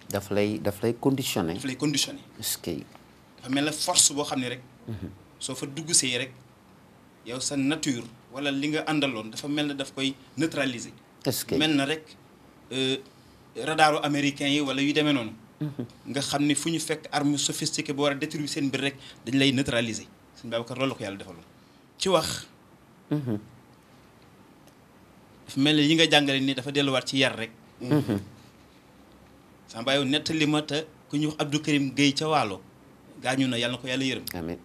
[SPEAKER 2] daf lay daf lay conditionné daf lay conditionné dafa
[SPEAKER 3] mel na force boo xam ne rek mhm. soo fa dugg see rek yow sa nature wala li nga àndaloon dafa mel na daf koy neutraliser. est que mel na rek euh, radaru américain yi wala yu demee noonu. Mm-hmm. nga xam ni fu ñu fekk arme sophistiquée bu war a détruire seen mbir rek dañ lay neutraliser sëñ Babacar loolu la ko yàlla defaloon ci wax. Mm-hmm. dafa mel ni yi nga jàngale nii dafa delluwaat ci yar rek. Mm-hmm. sàmba yow nettali ma te ku ñu wax Abdou Karim Guèye ca Waalo gaañu na yàlla ko yàlla yërëm.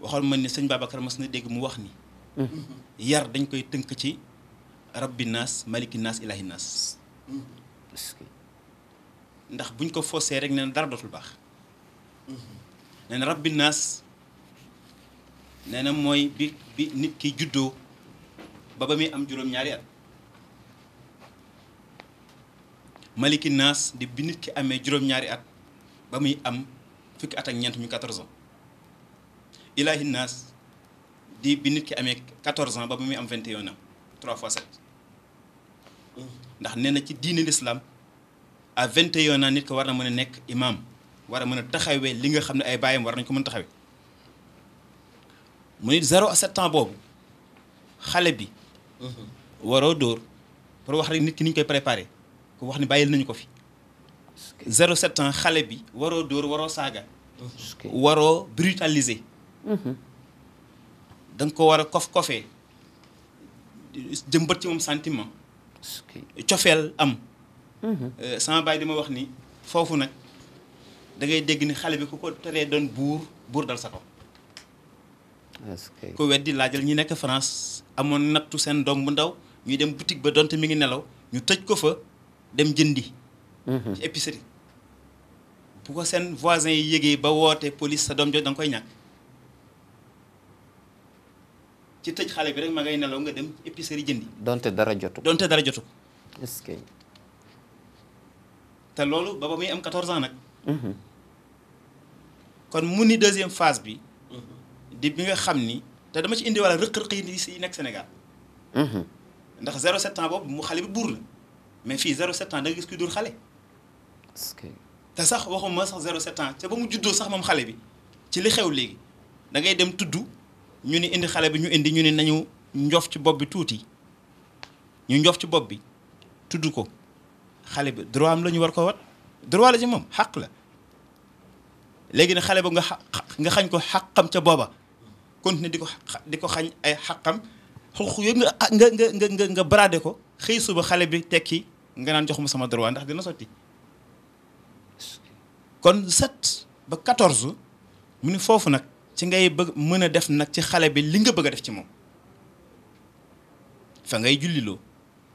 [SPEAKER 3] waxoon ma ni sëñ Babacar mas na dégg mu wax ni yar dañ koy tënk ci rabbinaas naas maliki naas ilahi naas ndax buñ ko fossee rek nee na dara dootul baax nee na rabbi nee na mooy bi bi nit ki juddoo ba ba muy am juróom-ñaari at maliki naas di bi nit ki amee juróom-ñaari at ba muy am fukki at ak ñeent ñu 14 ilahi naas di bi nit ki amee 14 ans ba bu muy am 21 ans 3 fois 7 ndax nee na ci diine l'islam à 21 ans nit ko war na mën a nekk imam war a mën a taxawee li nga xam ne ay bàyyam war nañ ko mën a taxawee mu nit 0 à ans boobu xale bi. waroo dóor pour wax nit ki niñ koy préparé ku wax ni bàyyil nañu ko fi. 0 set ans xale bi waroo dóor waroo saaga. waroo brutaliser.
[SPEAKER 4] da
[SPEAKER 3] nga ko war a kof kofee jëmbat ci moom sentiment cofeel am mhm. euh, sama baay ma wax ni foofu nag dangay dégg ni xale bi ku ko teree doon buur buur dal sa ko ku weddi laajal ñu nekk France amoon nattu seen doom bu ndaw ñuy dem boutique ba donte mi ngi nelaw ñu tëj ko fa dem jëndi mhm. ci épicerie bu ko seen voisin yi yégee ba woote police sa doom jooju da nga koy ñàkk ci tëj xale bi rek ma ngay nelaw nga dem épicerie jëndi. donte dara jotu donte dara jotu. est te loolu ba ba muy am 14 ans nag. Mhm. kon mu ni deuxième phase bi. Mhm. di bi nga xam ni te dama ci indi walla rëq-rëq yi nekk Sénégal. Mhm. ndax 0,7 ans boobu mu xale bi buur la mais fii 0,7 ans da gis kuy dóor xale. est-ce que. te sax waxuma sax 0,7 ans te ba mu juddoo sax moom xale bi ci li xew léegi da ngay dem tudd. ñu ni indi xale bi ñu indi ñu ni nañu njoof ci bopp bi tuuti ñu njoof ci bopp bi tudd ko xale bi droit am la ñu war ko wat droit la ci moom xaq la léegi ne xale ba nga nga xañ ko xaqam ca booba continuer di ko di ko xañ ay xaqam xux yooyu nga ah, nga nga nga nga ko xëy suba xale bi tekki nga naan jox ma sama droit ndax dina sotti kon 7 ba 14 mu ni foofu nag. ci ngay bëgg mën a def nag ci xale bi li nga bëgg a def ci moom fa ngay julliloo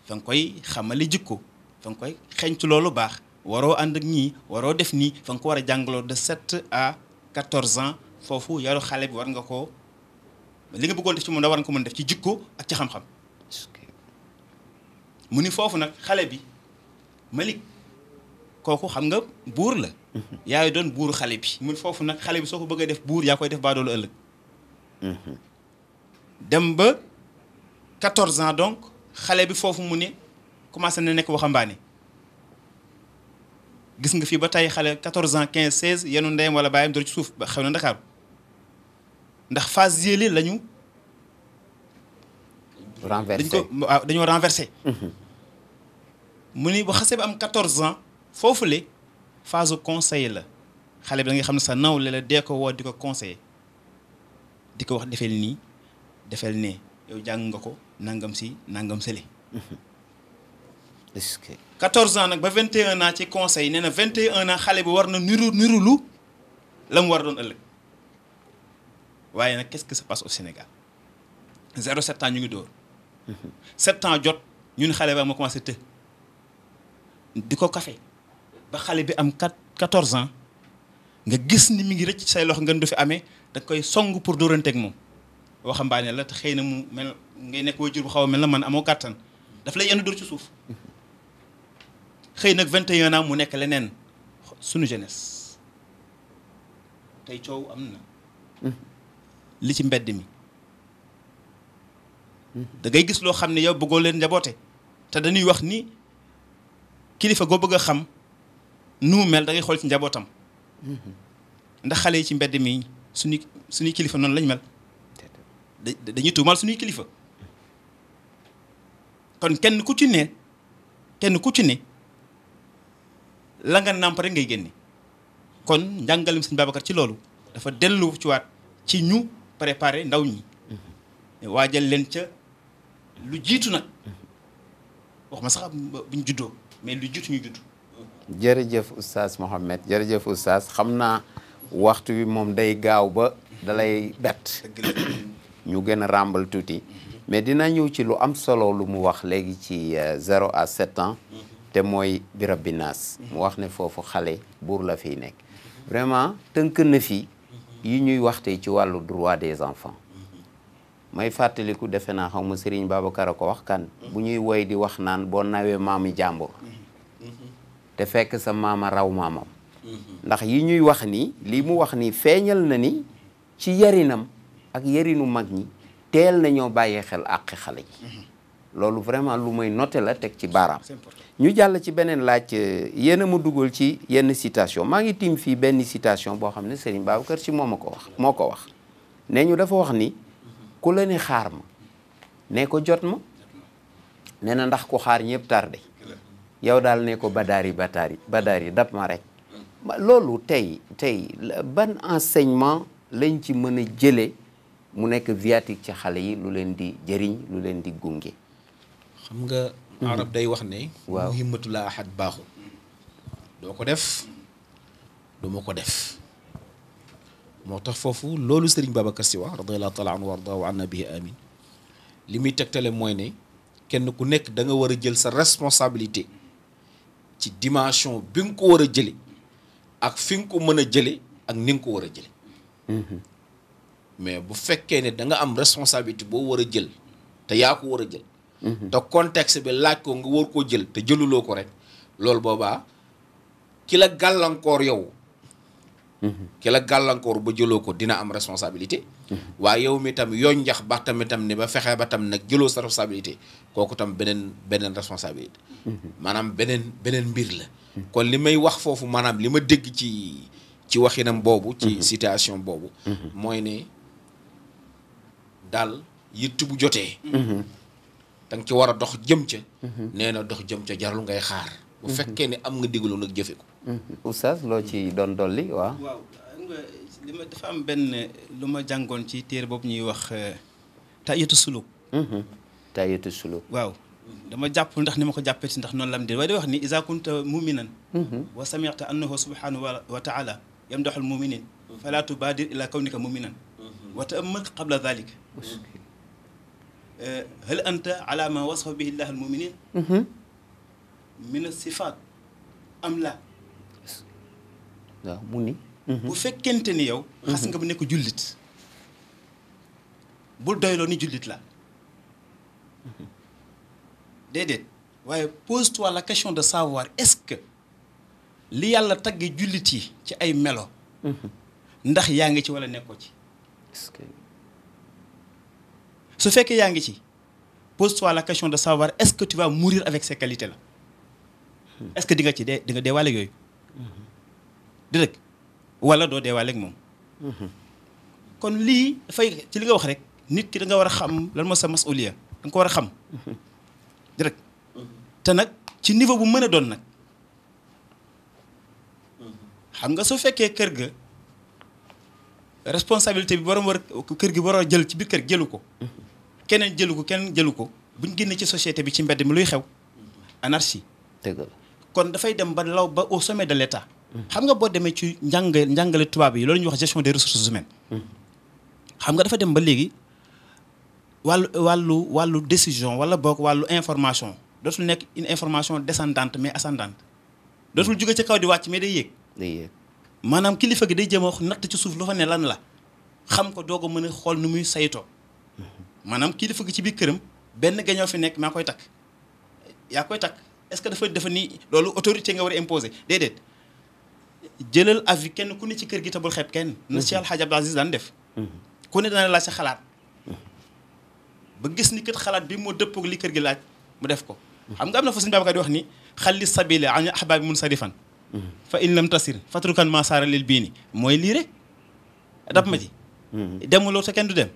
[SPEAKER 3] fa nga koy xamale jikko fa nga koy xeñtu loolu baax waroo ànd ak ñii waroo def nii fa nga ko war a jàngaloo de 7 a 14 ans foofu yaru xale bi war nga ko li nga bëggoon def ci moom da war nga ko mën def ci jikko ak ci xam-xam mu ni foofu nag xale bi Malik kooku xam nga buur la yaa yaay doon buur xale bi mun foofu nag xale bi soo ko bëggee def buur yaa koy def baa doolu ëllëg mhm. dem ba 14 ans donc xale bi foofu mu ne commencé na nekk waxambaane gis nga fii ba tey xale 14 ans quinze 16 yenu ndeyam wala bàyyam dor ci suuf ba xew na Ndakaaru ndax phase yële lañu ñu dañ ko dañoo renversé mhm. mu ni bu xasee ba am 14 ans foofu le phase conseil la xale bi da nga xam ne sa nawle la dee ko woo di ko conseiller di ko wax defel nii defel ne yow jàng nga ko nangam si nangam si [laughs] est-ce que. 14 ans nag ba 21 naa ci conseil nee na 21 ans xale bi war na niru nirulu la mu war doon ëllëg waaye nag qu'est-ce que ça passe au Sénégal 0,7 ans ñu ngi dóor. 7 [laughs] ans jot ñun xale ba ma commencé të ko kafe. ba xale bi am quatre quatorze ans nga gis ni mu ngi rëcc say loxo ngeen du fi amee da koy song pour dóoranteeg moom waxambaane la te xëy na mu mel ngay nekk waajur bu xaw a mel na man amoo kàttan daf lay yenn dóor ci suuf xëy nag 21 ans mu nekk leneen sunu genes tey coow am na. li ci mbedd mi. da gis loo xam ne yow bëggoo leen njaboote te dañuy wax ni kilifa goo bëgg a xam. nu mel da xool ci njabootam ndax xale yi ci mbedd mi suñu suñuy kilifa noonu lañ mel dañuy tuumal suñuy kilifa kon kenn ku ci ne kenn ku ci ne la nga nàmp rek ngay génne kon njàngalim sëñ Babacar ci loolu dafa dellu ci waat ci ñu préparer ndaw ñi waajal leen ca lu jiitu nag wax ma sax buñ juddoo mais lu jiitu ñu juddu
[SPEAKER 2] jërëjëf oustaz Mohamed jërëjëf oustaz xam naa waxtu wi moom day gaaw ba dalay bett ñu gën a ràmbal tuuti mais dina ñëw ci lu am solo lu mu wax léegi ci euh, zéro à sept ans te mooy birab mu wax ne foofu xale buur la fi nekk vraiment tënk na fi yi ñuy waxte ci wàllu droit des enfants may fàttaliku defe naa xaw mu Serigne Babacar a wax kan bu ñuy woy di wax naan boo nawee maamu jàmbur te fekk sa maama raw maamam mhm. ndax yi ñuy wax ni lii mu wax ni feeñal na ni ci yarinam ak yarinu mag ñi teel nañoo bàyyee xel àqi xale yi mhm. loolu vraiment lu may noté a teg ci baaraam ñu jàll ci beneen laaj euh, yéen a ma dugal ci yenn citation maa ngi tiim fii benn citation boo xam ne Serigne Babacar Sy moo ma ko wax moo ko wax nee ñu dafa wax ni ku la ne xaar ma ne ko jot ma nee na ndax ku xaar ñëpp tardé yow daal ne ko badaari bataari badaari dab ma rek loolu tey tey ban enseignement lañ ci mën a jëlee mu nekk viatique ci xale yi lu leen di jëriñ lu leen di gunge
[SPEAKER 1] xam nga arab day wax ne waaw himmatu la ahad baaxul doo ko def duma ko def moo tax foofu loolu sëriñ Babacar Sy wax radiallahu taala anhu warda wa anna bihi amin li muy tegtale mooy ne kenn ku nekk danga nga war a jël sa responsabilité ci dimension bi nga ko war a jële ak fi nga ko mën a jële ak ni nga ko war a jële mhm. mais bu fekkee ne da nga am responsabilité boo war a jël te yaa ko war a jël mhm. te contexte be laaj ko nga war koo jël te jëluloo ko rek loolu boobaa kila gàllankoor yow mhm. ki gàllankoor ba jëloo ko dina am responsabilité waaye yow mi tam yooy njax baax tamit tam ni ba fexee ba tam nag jëloo sa responsabilité kooku tam beneen beneen responsabilité maanaam beneen beneen mbir la kon li may wax foofu maanaam li ma dégg ci ci waxinam boobu ci mhm. situation boobu mhm. mooy ne daal yitt bu jotee mhm. danga ci war a dox jëm ca
[SPEAKER 2] nee na dox jëm ca jarul ngay xaar bu fekkee ne am nga diglu nag jëfe ko oustaz loo ci doon dolli waaw
[SPEAKER 3] li ma dafa am benn lu ma jàngoon ci téere boobu ñuy wax euh, taayatu suluk.
[SPEAKER 2] Mhm. taayatu suluk
[SPEAKER 3] waaw. dama jàpp ndax ni ma ko jàppee ci ndax noonu la am dé waaye day wax ni iza kunta muminan mhm. wa sami'ta annahu subhanahu wa ta'ala yamdaxul muminin fala tubadir ila kawnika muminan mhm. wa ta'ammal qabla dhalik euh, hal anta ala ma wasafa bihi llahu almuminin min as-sifat am la waaw mu ni Mm-hmm. bu fekkente ni yow. xas nga mm-hmm. bu nekk jullit bul doyloo ni jullit la mm-hmm. déedéet waaye pose-toi question de savoir est-ce que li yàlla taggee jullit yi ci ay melo. ndax yaa ngi ci walla nekkoo ci. su fekkee yaa ngi ci pose-toi la question de savoir est-ce que tu vas mourir avec ces qualités hmm. est-ce que di nga ci dee di nga de wàll yooyu. Hmm. wala doo deewaaleeg moom. kon lii dafay ci li nga wax rek nit ki da nga war a xam lan moo sa masuliya da nga ko war a xam. rek te nag ci niveau bu mën a doon nag xam nga su fekkee kër ga responsabilité bi borom war kër gi war a jël ci biir kër jëlu ko. keneen jëlu ko keneen jëlu ko buñ génnee ci société bi ci mbedd mi luy xew anarchie. dëgg kon dafay dem ba law ba au sommet de leta xam nga boo demee ci njàng njàngale tubaab yi loolu ñuy wax gestion des ressources humaines. xam nga dafa dem ba léegi wàllu wàllu wàllu décision wala boog wàllu information dootul nekk une information descendante mais ascendante. dootul jóge ci kaw di wàcc mais day yéeg. day maanaam kilifa gi day jéem a natt ci suuf lu fa ne lan la xam ko doo ko mën a xool nu muy saytoo. maanaam kilifa gi ci biir këram benn gañoo fi nekk maa koy takk yaa koy takk est-ce que dafa dafa ni loolu autorité nga a imposer déedéet. jëlal avis kenn ku ne ci kër gi tabul xeeb kenn na si mhm. alxaaj Abdou Aziz daan def mhm. ku ne dana laaj sa xalaat mhm. ba gis ni kat xalaat bi moo dëppoog li kër gi laaj mu def ko xam nga am na fa suñu Babacar di wax ni xalli sabila an ahbaabi munsarifan fa in lam tasir fatrukan ma saara lil bii ni mooy lii dab ma ji demuloo te kenn du dem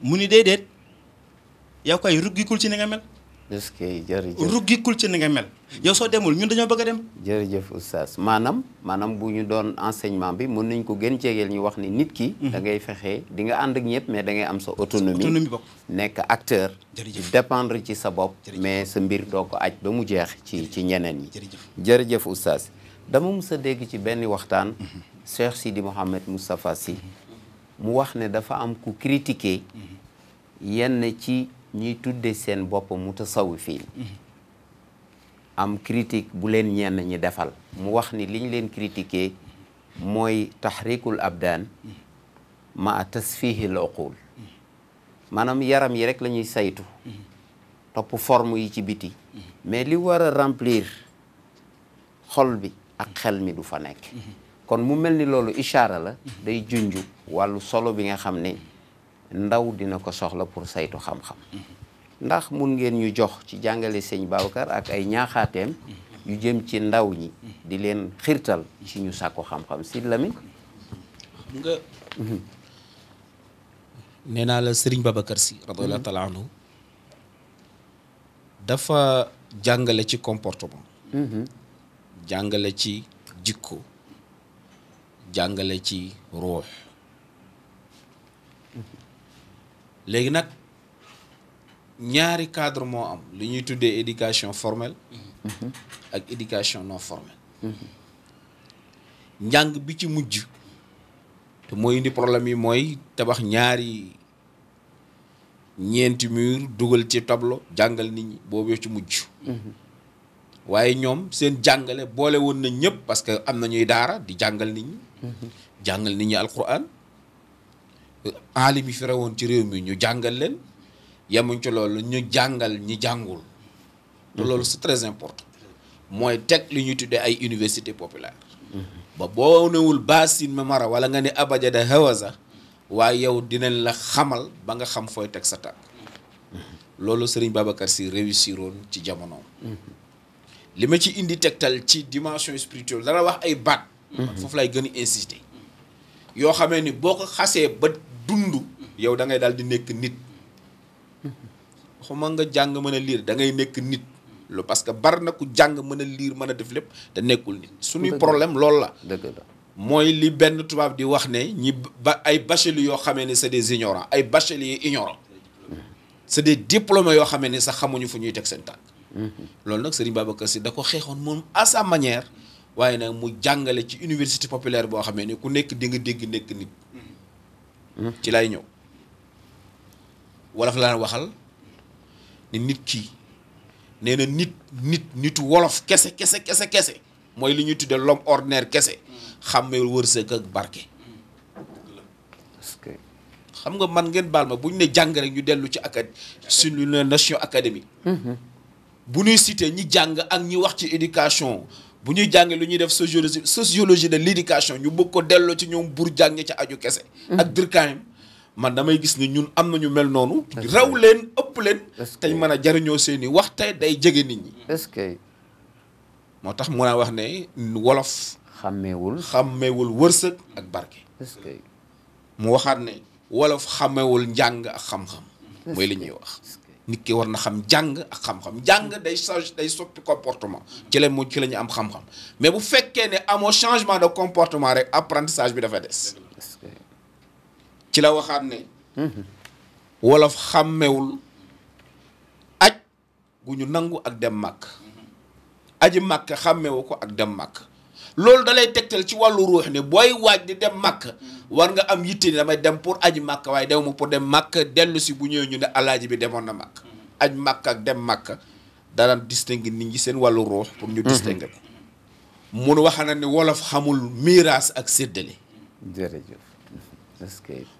[SPEAKER 3] mu ni déedéet yow koy ruggikul ci ni mel
[SPEAKER 2] est-ce que jërëjëf
[SPEAKER 3] ruggikul ci nga mel. yow soo demul ñun dañoo bëgg a dem.
[SPEAKER 2] jërëjëf oustaz maanaam maanaam bu ñu doon enseignement bi mën nañ ko gën jegeel ñu wax ni nit ki. Mhm. da ngay fexe di nga ànd ak ñëpp mais dangay am sa autonomie. autonomie bopp nekk acteur. jërëjëf dépendre ci sa bopp. mais sa mbir doo ko aj ba mu jeex ci ci ñeneen ñi. jërëjëf jërëjëf oustaz dama musa dégg ci benn waxtaan. Mhm. Cheikh Sidi Mouhamed Moustapha si mhm. mu wax ne dafa am ku critiquer yenn ci. ñiy tuddee seen bopp mutasawifiin am critique bu leen ñenn ñi defal mu wax ni liñ leen critique mooy taxrikul abdaan ma a tasfihil uqul maanaam yaram yi rek lañuy saytu topp forme yi ci biti mais li war a remplir xol bi ak xel mi du fa nekk kon mu mel ni loolu ishaara la day junju wàllu solo bi nga xam ne ndaw dina ko soxla pour saytu xam-xam ndax mun ngeen ñu jox ci jàngale sëñ Babacar ak ay ñaaxaateem yu jëm ci ndaw ñi di leen xirtal ci ñu sàkku xam-xam si Lamine
[SPEAKER 1] xam nga mhm. nee naa la sëriñ Babacar si radiyallahu taala anhu dafa jàngale ci comportement mhm. jàngale ci jikko jàngale ci ruux léegi nag ñaari cadre moo am lu ñuy tuddee éducation formelle ak éducation non formelle njàng bi ci mujj te mooy indi problème yi mooy tabax ñaari ñeenti mur dugal ci tableau jàngal nit ñi boobee ci mujj waaye ñoom seen jàngale boole woon nañ ñëpp parce que am na ñuy daara di jàngal nit ñi jàngal nit ñi alquran aalim yi fi rawoon ci réew mi ñu jàngal leen yemuñ ci loolu ñu jàngal ñi jàngul te loolu c'est très important mooy teg li ñuy tuddee ay université populaire ba boo newul Basin Mamara wala nga ne Abajada sax waa yow dinañ la xamal ba nga xam fooy teg sa tànk loolu Serigne Babacar Sy réussiroon ci jamonoom li ma ci indi tegtal ci dimension spirituelle wax ay baat mm-hmm. foofu lay gën a insister yoo xamee ni boo ko xasee ba dundu yow da ngay daal di nekk nit xuma nga jàng mën a liir da ngay nekk nit lu parce que bari na ku jàng mën a liir mën a def lépp te nekkul nit suñuy problème loolu la mooy li benn tubaab di wax ne ñi ba ay bacheliers yoo xamee ni c'est des ignorants ay bacheliers ignorants c'est des diplômés yoo xamee ni sax xamuñu fu ñuy teg seen tànk loolu nag Serigne Babacar si da ko xeexoon moom à sa manière waaye nag mu jàngale ci université populaire boo xamee ni ku nekk di nga dégg nekk nit ci lay ñëw wolof laa waxal ni nit kii nee na nit nit nitu wolof kese kese kese kese mooy li ñuy tuddee l'homme ordinaire kese xàmmee wërsëg ak barke xam nga man ngeen baal ma bu ñu ne jàng rek ñu dellu ci acad suñu nation académique mm-hmm. bu ñuy cité ñi jàng ak ñi wax ci éducation bu ñuy jàng lu ñuy def sociologie sociologie de l'éducation ñu bëgg ko delloo ci ñoom buur jàngee ci aju kese. Mm-hmm. ak dërkaayam man damay gis ni ñun am na ñu mel noonu. raw leen ëpp leen. tey mën a jariñoo seen i wax tey day jege nit ñi. est-ce que. moo tax mun a wax ne wolof. xàmmeewul xàmmeewul wërsëg ak barke. mu waxaat ne wolof xàmmeewul njàng ak xam-xam. mooy li ñuy wax. nit ki war na xam jàng ak xam-xam day change day soppi comportement ci la mu ci lañuy am xam-xam mais bu fekkee ne amoo changement de comportement rek apprentissage bi dafa des ci la waxaat ne wolof xàmmewul aj gu ñu nangu ak dem màkk aj màkk xàmmewu ko ak dem màkk loolu dalay lay tegtal ci wàllu ruux ne booy waaj di dem màkk war nga am yitte ni damay dem pour aji màkk waaye dew ma pour dem màkk dellusi bu ñëwee ñu ne alaaji bi demoon na màkk aj màkk ak dem màkk daan distingue nit ñi seen wàllu ruux pour ñu mhm. distingue ko mun wax na ni wolof xamul miiras ak séddale jërëjëf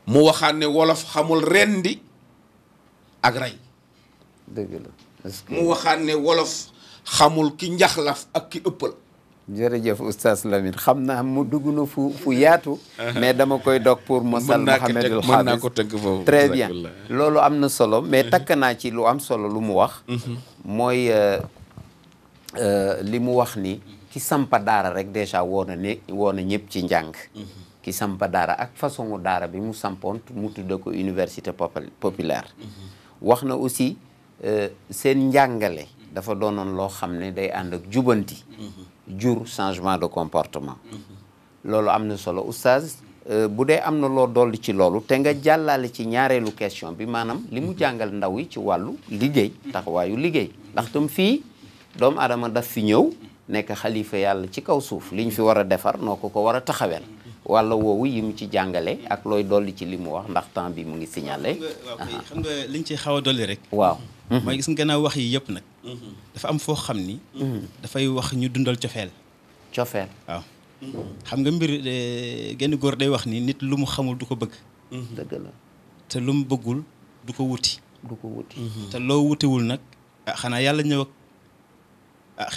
[SPEAKER 1] mu waxaan ne wolof xamul rendi
[SPEAKER 2] ak rey dëgg mu
[SPEAKER 1] waxaan wolof
[SPEAKER 2] xamul ki njaxlaf ak ki ëppal jërëjëf oustaz Lamine xam naa mu dugg na fu fu yaatu. Uh-huh. mais dama koy dog pour mosal. Mohamedul Xaabis mën naa ko tënk
[SPEAKER 4] foofu. très bien
[SPEAKER 2] loolu am na solo mais uh-huh. takk naa ci lu am solo lu mu wax. Uh-huh. mooy euh, euh, li mu wax ni. ki sampa daara rek dèjà woo na ne woo na ñëpp ci njàng. ki sampa daara ak façon daara bi mu sampoon mu tudde ko université populaire. wax na aussi euh, seen njàngale. dafa doonoon loo xam ne day ànd ak jubanti. jur changement de comportement loolu am na solo oustaz euh, bu dee am na loo dolli ci loolu te nga jàllale ci ñaareelu question bi maanaam li mu jàngal ndaw yi ci wàllu liggéey taxawaayu liggéey ndax tam fii doom aadama daf fi ñëw nekk xalifa yàlla ci kaw suuf liñ fi war a defar noo ko ko war a taxawel walla woowu yi mu ci jàngale ak looy dolli ci li mu wax ndax temps bi mu ngi signalé.
[SPEAKER 3] xam nga liñ ci xaw a dolli rek. waaw Mm-hmm. mooy gis nga naa wax yi yëpp nag. Mm-hmm. dafa am foo xam ni. Mm-hmm. dafay wax ñu dundal cofeel. cofeel waaw. xam nga mbir eh, genn góor day wax ni nit lu mu xamul du ko bëgg. te lu mu bëggul du ko wuti. du ko wuti. te loo wutiwul nag ah xanaa yàlla ñëw ak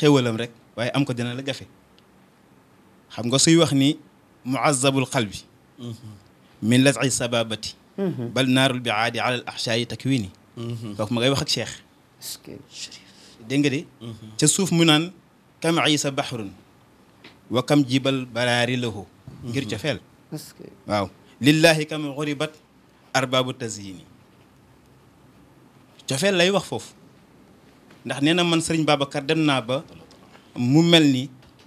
[SPEAKER 3] ah, rek waaye am ko dina la jafe xam nga suy wax ni muazzabul qalbi min laz'i sababati bal naarul bi'aadi ala al ahshaayi takwini kooku mm-hmm. ma ngay wax ak cheikh dégg nga de mm-hmm. ca suuf mu naan kam isa bahrun wa kam jibal baraari ko mm-hmm. ngir cofeel waaw lillahi kam xuribat arbaabu tazyini cofeel lay wax foofu ndax nee na man sëriñ Babacar dem naa ba mu mel ni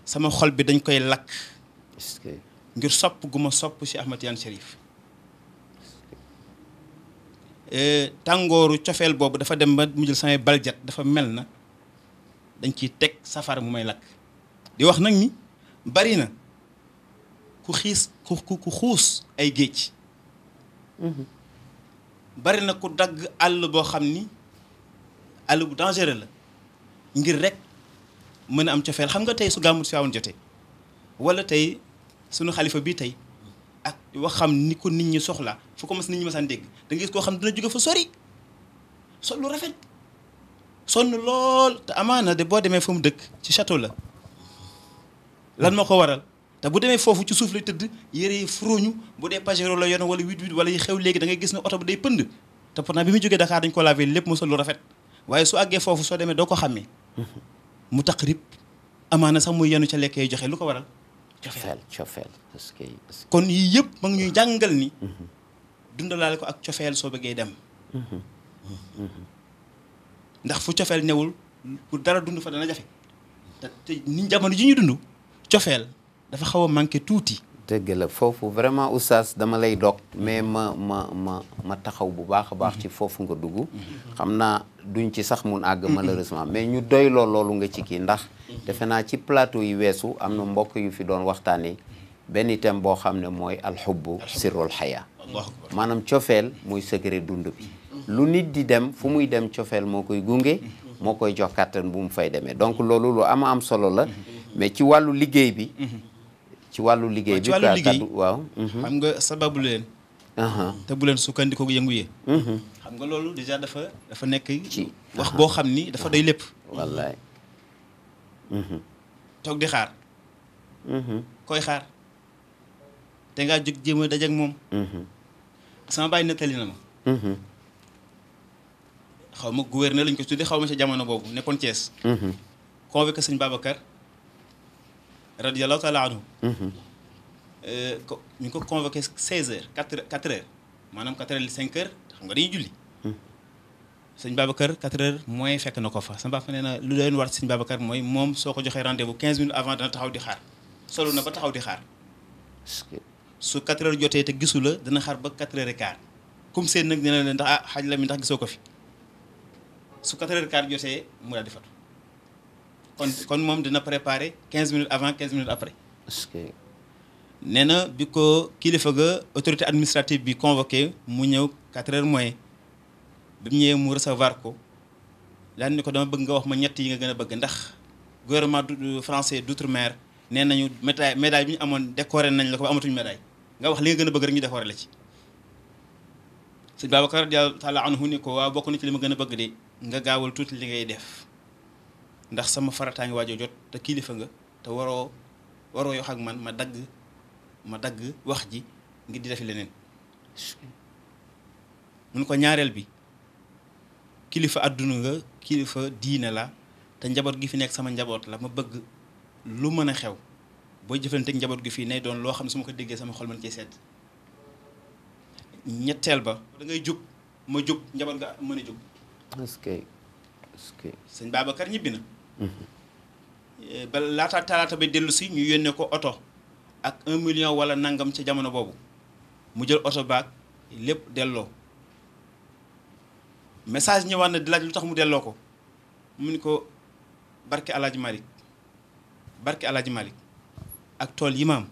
[SPEAKER 3] sama xol bi dañ koy lakk ngir sopp gu ma sopp si Ahmad Yaan Chérif Eh, tàngooru cofeel boobu dafa dem ba mu jël samay baljat dafa mel na dañ ci teg safara mu may lakk di wax nag ni bari na ku xiis ku ku xuus ay géej mhm. bari na ku dagg àll boo xam ni àll bu dangereux la ngir rek mën a am cofeel xam nga tey su gàmmu Tiwaawan jotee walla tey sunu xalifa bi tey ak wax xam ni ko nit ñi soxla fu ko mas nit ñi masaan dégg da nga gis koo xam dina jóge fa sori sol lu rafet sonn lool te amaana de boo demee fa mu dëkk ci château la lan moo ko waral te bu demee foofu ci suuf lay tëdd yére yi froñu bu dee pajero la yoon wala huit huit wala yi xew léegi dangay gis ne oto bi day pënd te pourtant bi mu jógee dakaar dañ ko lavé lépp mu sol lu rafet waaye su àggee foofu soo demee doo ko xàmmee mhm. mu taq rib amaana sax muy yenu ca lekkee yi joxe lu ko waral cofeel cofeel kon yii yëpp ma ñuy jàngal ni mhm. dundalaale ko ak cofeel soo bëggee dem
[SPEAKER 4] mhm. Mhm.
[SPEAKER 3] ndax fu cofeel newul pour dara dund fa dana jafe te ni jamono ji ñu dund cofeel dafa xaw a manqué tuuti
[SPEAKER 2] dëgg la foofu vraiment oustaz dama lay dog mais ma ma ma ma taxaw bu baax a baax mhm. ci foofu nga duggu xam naa duñ ci sax mun àgg ma malheureusement mais ñu doy lool loolu nga ci kii ndax defe naa ci plateau yi weesu am na mbokk yu fi doon waxtaanee benn thème boo xam ne mooy alxubbu sirrul xayaa maanaam cofeel mooy secret dund bi lu nit di dem fu muy dem cofeel moo koy gunge moo koy jox kàttan bu mu fay demee donc loolu lu am am solo la mais ci wàllu liggéey bi ci wàllu liggéey bi waaw mhm. xam
[SPEAKER 3] nga sababu leen te bu leen sukkandiku yëngu yee mhm. xam nga loolu déjà dafa dafa nekk ci wax boo xam ni dafa doy lépp wallaay mhm. toog di xaar koy xaar te ngaa jóg jéem a ak moom sama bàyyi nettali na ma. Mm-hmm. xaw ma gouverneur lañ ko tuddee xaw ma ci jamono boobu nekkoon Thiès. Mm-hmm. convoqué sëñ Babacar radiyallahu taala anhu. ko mm-hmm. euh, ñu ngi ko convoqué 16h 4 maanaam 4h 5h xam nga dañuy julli. sëñ Babacar 4h mooy fekk na ko fa sama papa nee na lu doon war sëñ Babacar mooy moom soo ko joxee rendez-vous 15 minutes avant dana taxaw di xaar solo na ba taxaw di xaar. su 4 heures jotee te gisu la dana xaar ba 4 heures et comme seen nag dina leen ndax ah xaj la mi ndax gisoo ko fi su 4 heures et quart jotee mu daal di fatu kon kon moom dana préparer 15 minutes avant quinze minutes après. nee na bi ko kilifa ga autorité administrative bi convoqué mu ñëw 4 heures moins bi mu ñëwee mu recevoir ko lan ni ko dama bëgg nga wax ma ñett yi nga gën a bëgg ndax gouvernement français d'outre-mer nee nañu médaille médaille bi ñu amoon décoré nañ la ko ba amatuñu nga wax li nga gën a bëgg rek ñu defaree la ci sëñ Babacar radiyallahu taala anhu ni ko waaw bokk na ci li ma gën a bëgg de nga gaawal tuuti li ngay def ndax sama farataa ngi waaj jot te kilifa nga te waroo waroo yox ak man ma dagg ma dagg wax ji ngir di def leneen mun ko ñaareel bi kilifa àdduna nga kilifa diine la te njaboot gi fi nekk sama njaboot la ma bëgg lu mën a xew booy jëflanteeg njaboot gi fii nay doon loo xam ne su ma ko déggee sama xol man cee sedd ñetteel ba dangay ngay jub ma jub njaboot nga mën a jub. est-ce sëñ Babacar ñibbi na. Mhm. Eh, ba laata talaata ba dellu ñu yónnee ko oto ak un million wala nangam ca jamono boobu mu jël oto baag lépp delloo message ñëwaat na di lu tax mu delloo ko mu ni ko barke El Hadj Malick barke malik ak tool yi maam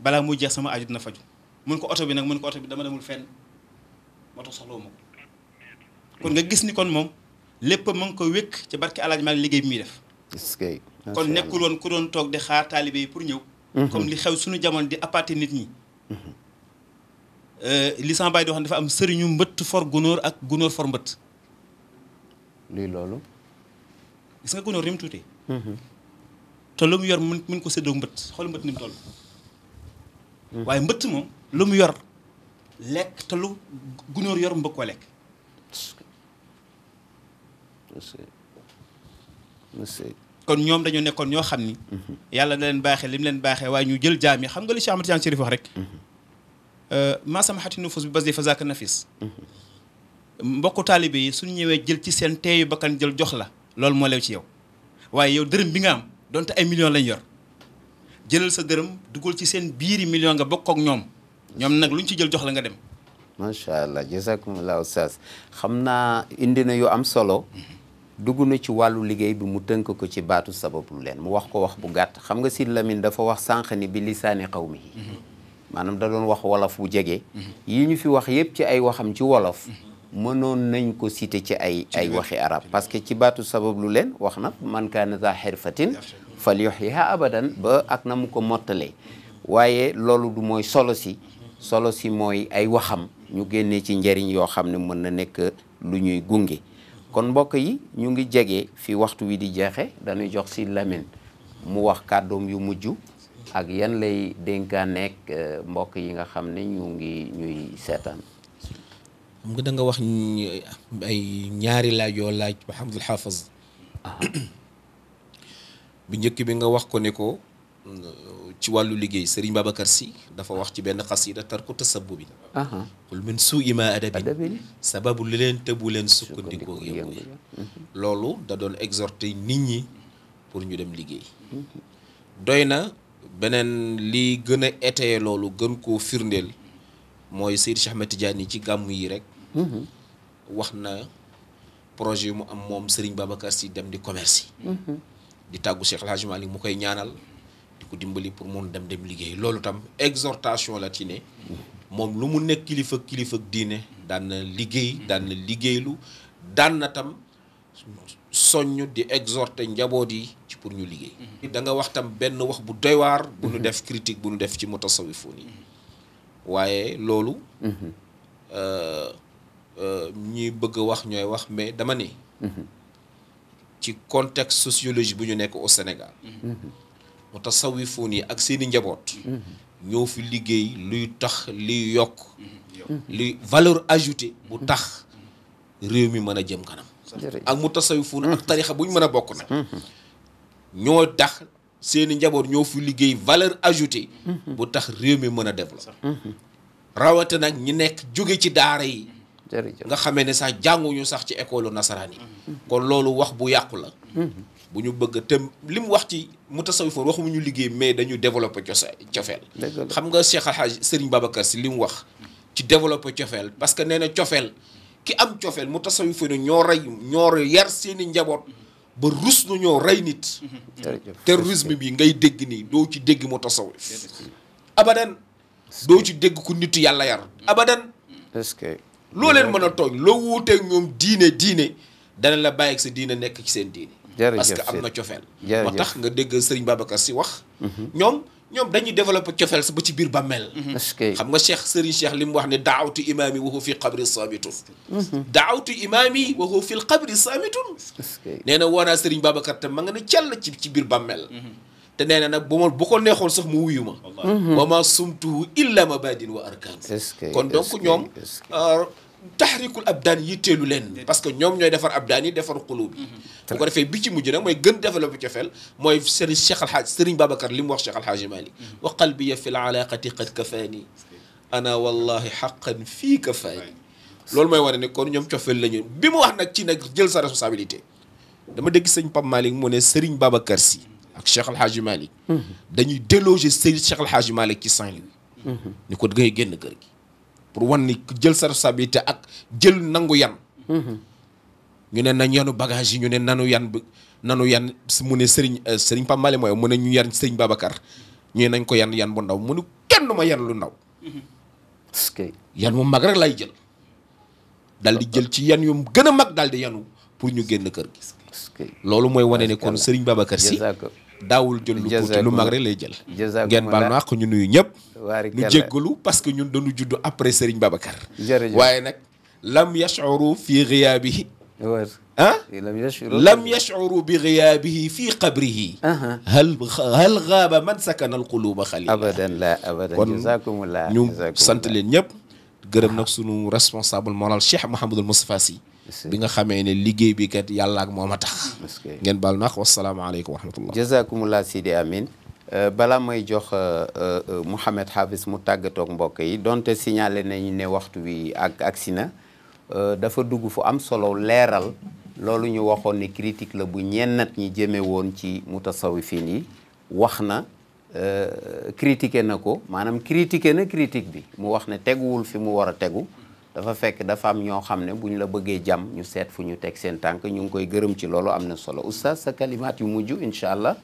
[SPEAKER 3] balaa mu jeex sama aju na faju mun ko oto bi nag mun ko oto bi dama demul fenn moo tax soxlawu ma ko kon nga gis ni kon moom lépp ma ngi ko wékk ci barke alaaj maag liggéey bi muy def kon nekkul woon ku doon toog di xaar taalibe yi pour ñëw mm-hmm. comme li xew suñu jamono di appâté nit ñi mm-hmm. euh, li sama baay di wax dafa am sëriñu mbëtt for gunóor ak gunóor for mbëtt luy loolu gis nga gunóor ni mu tuutee mm-hmm. te lu mu yor mu mun ko séddoo mbëtt xool mbëtt ni mu hmm. waaye mbëtt moom lu mu yor lekk te lu gunóor yor mu bëgg lekk. kon ñoom dañoo nekkoon ñoo xam ni. Hmm. yàlla da leen baaxee li mu leen baaxee waaye ñu jël jaam yi xam nga li Cheikh Ahmad Tidiane Chérif wax rek. maa hmm. euh, sama xati nufus bi bas nafis. mbokku taalibe yi suñu ñëwee jël ci seen teeyu bakkan jël jox la. loolu moo lew ci yow waaye yow dërëm bi nga am. donte ay millions lañ yor jëlal sa dërëm dugal ci seen biiri million nga bokk ak ñoom ñoom nag luñ ci jël jox la nga dem.
[SPEAKER 2] macha allah jazakumullah oustaz xam naa indi na yu am solo. Mm-hmm. dugg na ci wàllu liggéey bi mu tënk ko ci baatu sabablu leen mu wax ko wax bu gàtt xam nga si Lamine dafa wax sànq ni bi lisaani xaw mi. Mm-hmm. maanaam da doon wax wolof bu jege. Mm-hmm. yi ñu fi wax yépp ci ay waxam ci wolof. mënoon nañ ko cité ci ay ay waxi arab parce que ci baatu sabab lu leen wax na man kaana za xirfatin fal yuxyiha abadan ba ak na mu ko mottalee waaye loolu du mooy solo si solo si mooy ay waxam ñu génne ci njëriñ yoo xam ne mën na nekk lu ñuy gunge kon mbokk yi ñu ngi jege fi waxtu wi di jeexe dañuy jox si Lamine mu wax kàddoom yu mujj ak yan lay dénkaa nekk euh, mbokk yi nga xam ne ñu ngi ñuy seetaan
[SPEAKER 1] xam nga da wax ay ñaari laaj yoo laaj Mouhamadul Haafaz [coughs] bu njëkk bi nga wax ko ne ko euh, ci wàllu liggéey Serigne Babacar Sy dafa wax ci benn xasida tarku tasabbu bi xul min suu'i ma adabin sababu li leen tëbu leen sukkandikoo yëngu loolu da doon exhorter nit ñi pour ñu dem liggéey mhm. doy na beneen li gën a étayer loolu gën koo firndeel mooy Seydi Cheikh Ahmed Tidiane ci gàmm yi rek. Mhm. wax na projet yu mu am moom Serigne Babacar Sy dem di commerce yi. Mhm. di tàggu Cheikh El Hadj mu koy ñaanal di ko dimbali pour mun dem dem liggéey loolu tam exhortation la ci ne. moom lu mu nekk kilifa kilifa diine daan na liggéey daan na liggéeylu daan na tam soññ di exhorter njaboot yi ci pour ñu liggéey. Mhm. danga wax tam benn wax bu doy waar bu nu def critique bu nu def ci mutasawifoon yi. waaye loolu. Mhm. Euh, euh, ñi bëgg wax ñooy wax mais dama ni. Mhm. ci contexte sociologie bu ñu nekk au Sénégal. Mhm. mu tasawifoon yi ak seeni njaboot. ñoo fi liggéey luy tax liy yokk. luy valeur ajoutée bu tax réew mi mën a jëm kanam. ak mu tasawifoon ak tarixa bu ñu mën a bokk nag. ñoo tax seeni njaboot ñoo fi liggéey valeur ajoutée. Mhm. bu tax réew mi mën a développé. Mhm. rawate nag ñi nekk jóge ci daara yi. nga xamee ne sax jànguñu sax ci école nasaraan yi. Mhm. kon loolu wax bu yàqu la. bu ñu bëgg te li mu wax ci mu tasawifoon waxumu ñu liggéey mais dañu développé cosa cofeel xam nga Cheikh Al Hadj si li mu wax. ci développé cofeel parce que nee na cofeel ki am cofeel mu tasawifoon ñoo rey ñoo yar seeni njaboot. ba rus na ñoo rey nit
[SPEAKER 4] mm-hmm.
[SPEAKER 1] terrorisme bi ngay dégg nii doo ci dégg moto mu tasawuf abadan doo ci dégg ku nit yàlla yar abadan
[SPEAKER 2] mm-hmm.
[SPEAKER 1] loo leen mën a tooñ loo wuuteeg ñoom diine diine dana la bàyyi ak sa diine nekk ci seen diine
[SPEAKER 4] parce que am na cofeel
[SPEAKER 1] moo tax nga dégg sëriñ Babacar si wax mm-hmm. ñoom ñoom dañuy développé cofeel sa ba ci biir bàmmeel mhm. xam nga cheikh Serigne Cheikh li mu wax ne daawtu imaami wa huwa fi qabri saamitun mhm. daawtu imaami wa huwa fil qabri saamitun nee na woonaa Serigne Babacar te ma nga ne cell ci ci biir bàmmeel mhm. te nee na nag bu ma bu ko neexoon sax mu wuyu ma wa ma sumtuhu illa mabadin wa arkan
[SPEAKER 2] kon donc ñoom
[SPEAKER 1] taxrikul abdaan yitteelu leen parce que ñoom ñooy defar abdaan yi defar xulub yi bu ko defee bi ci mujj nag mooy gën développé cofeel mooy sëriñ Cheikh Alxaaj sëriñ Babacar li mu wax Cheikh Alxaaji Malik mm-hmm. wa qalbiya fi lalaaqati qad kafaani ana wallahi xaqan fii kafaani loolu mooy wane ne kon ñoom cofeel la ñu bi mu wax nag ci nag jël sa responsabilité dama dégg sëñ Pape Malick mu ne sëriñ Babacar si ak Cheikh Alxaaji Malik mm-hmm. dañuy déloger sëriñ Cheikh Alxaaji Malik ci Saint-Louis mm-hmm. ni ko da ngay génn kër gi pour wan ni jël sa responsabilité ak jël nangu yan. Mhm. ñu ne nañ yanu bagage yi ñu ne nanu yan bi nanu yan mu ne Serigne euh, Serigne Pape Malick mooy mu ne ñu yan Serigne Babacar ñu ne nañ ko yan yan bu ndaw mu ne kenn yan lu ndaw.
[SPEAKER 4] est
[SPEAKER 1] mhm. yan mu mag rek lay jël. dal di jël ci yan yu gën a mag daal di yanu pour ñu génn kër gi. loolu mooy wane ne kon Serigne Babacar si. daawul jël lu tuuti lu mag rek lay jël. ngeen baal na ak ñu nuyu ñëpp. nu jéggalu parce que ñun dañu judd après Serigne Babacar waaye nag lam yashuru fi ghiyaabihi ah lam yashuru bi ghiyaabihi fi qabrihi uh-huh. hal hal ghaaba man sakana alquluuba xalila abadan la abadan jazakumullah ñu sant leen ñëpp gërëm nag sunu responsable moral Cheikh Mouhamadul Moustapha Sy bi nga xamee ne liggéey bi kat yàlla ak moom a tax ngeen baal naax wasalaamaaleykum wa rahmatullah
[SPEAKER 2] jazakumullah Euh, balaa may jox euh, euh, Mouhamed Hafiz mu tàggatoog mbokk yi donte signalé nañu ne waxtu wi ak agsi na dafa dugg fu am solo leeral loolu ñu waxoon ni critique la bu ñennat ñi jëme woon ci mutasawifiin yi wax na critiqué na ko maanaam critiqué na critique bi mu wax ne teguwul fi mu war a tegu dafa fekk dafa am ñoo xam ne bu ñu la bëggee jàmm ñu seet fu ñu teg seen tànk ñu ngi koy gërëm ci loolu am na solo oustaz sa kalimaat yu mujj incha allah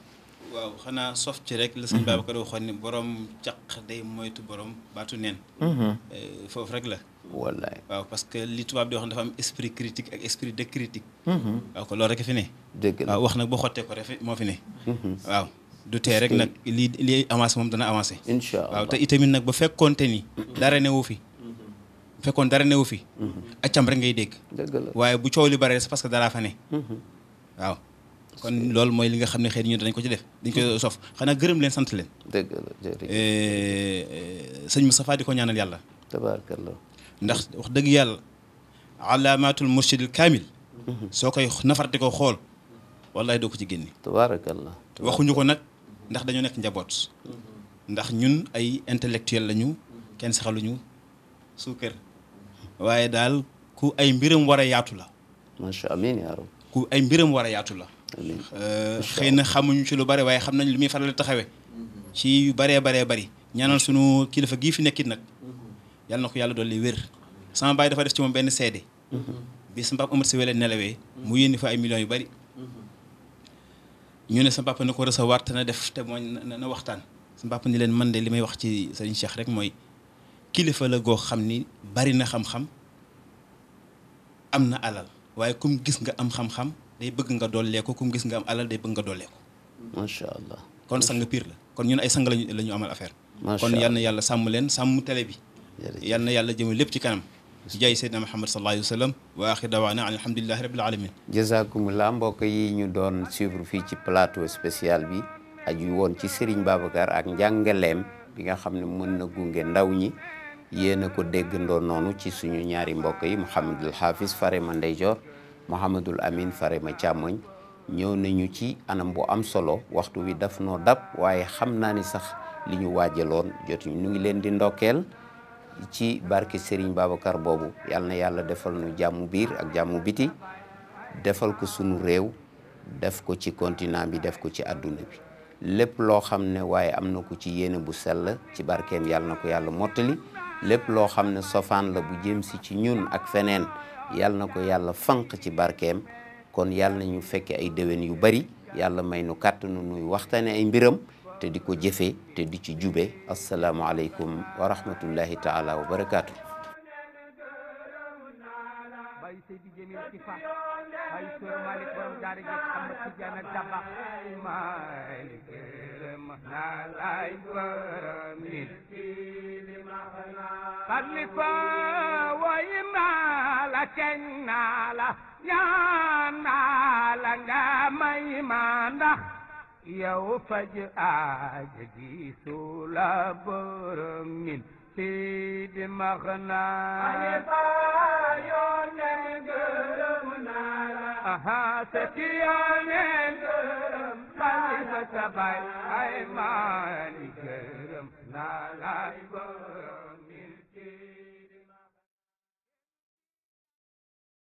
[SPEAKER 3] waaw xanaa sof ci rek la sëñ mhm. Babacar waxoon ni borom caq day moytu borom baatu neen mhm. eh, foofu rek la waaw parce que li tubaab di wax dafa am esprit critique ak esprit de critique mhm. waaw ko loolu rek fi ne dëgg la waaw wax nag boo xottee ko rek moo fi ne waaw du tee rek nag lii lii avancé moom dana avancé waaw te itamit nag ba fekkoonte ni dara newu fi fekkoon dara newu fi accam rek ngay dégg waaye bu coow li bare c'est parce que daraa fa ne waaw kon loolu mooy li nga xam ne xëy ñu dañ ko ci def dañ ko mm-hmm. sof xanaa gërëm leen sant leen. dëgg la jërëjëf eh, eh, sëñ Moustapha di ko ñaanal yàlla. ndax wax dëgg yàlla alaamaatul mursidil kaamil. Mm-hmm. soo koy nafarte ko xool wallahi doo ko ci génne. tabarakallah waxuñu ko nag mm-hmm. ndax dañoo nekk njaboot. ndax ñun ay intellectuel lañu. kenn saxaluñu suukar. waaye daal ku ay mbiram war a yaatu la. macha allah ku ay mbiram war a yaatu la. Euh, xëy na xamuñu ci lu bari waaye xam nañ lu muy faral di taxawee ci yu baree baree bari ñaanal sunu kilifa gii fi nekkit nag yàlla na ko yàlla dolli wér sama baay dafa def ci moom benn seede bi sa papa Omar mu yénni fa ay millions yu bari ñu ne sa papa na ko recevoir te def te mooy waxtaan sa papa ni leen man de li may wax ci sañ Cheikh rek mooy kilifa la goo xam ni bari na xam-xam am na alal waaye kum gis nga am xam-xam day bëgg nga dollee ko kum gis nga am alal day bëgg nga dollee ko. macha allah kon sang piir la kon ñun ay sang lañu la ñu amal affaire. kon yal na yàlla sàmm leen sàmm télé bi. yal na yàlla jëme lépp ci kanam. ci jaay Seydina Muhammad sallallahu alayhi wa sallam wa axir dawaana alhamdulillahi rabbil alamin
[SPEAKER 2] jazakumullah mbokk yi ñu doon suivre fii ci plateau spécial bi aju woon ci Serigne Babacar ak njàngaleem bi nga xam ne mën na gunge ndaw ñi yéen a ko déggandoo noonu ci suñu ñaari mbokk yi Mouhamadul Hafiz Fare Mandeyjoor Mouhamadul Amin ma Càmmoñ ñëw nañu ci anam bu am solo waxtu wi daf noo dab waaye xam naa ni sax li ñu waajaloon jotuñu ñu ngi leen di ndokkeel ci barke Serigne Babacar boobu yàlla na yàlla defal nu jàmmu biir ak jàmmu biti defal ko sunu réew def ko ci continent bi def ko ci àdduna bi lépp loo xam ne waaye am na ko ci yéene bu sell ci barkeem yàlla na ko yàlla mottali lépp loo xam ne sofaan la bu jëm si ci ñun ak feneen yàlla na ko yàlla fanq ci barkeem kon yàlla na ñu fekke ay déwén yu bari yàlla may nu kàttanu nuy waxtaane ay mbiram te di ko jëfee te di ci jube asalaamualeykum wa rahmatullahi taala wa barakaatu.
[SPEAKER 4] xalifa
[SPEAKER 1] woy naa la keñ naa la ñaan naa la nga may ma ndax faj aaja gi la borom min fii di max
[SPEAKER 4] yoo ne gërëm naa la aha se ki yoo ne gërëm xalifa sa bay ay gërëm na lay borom nit ki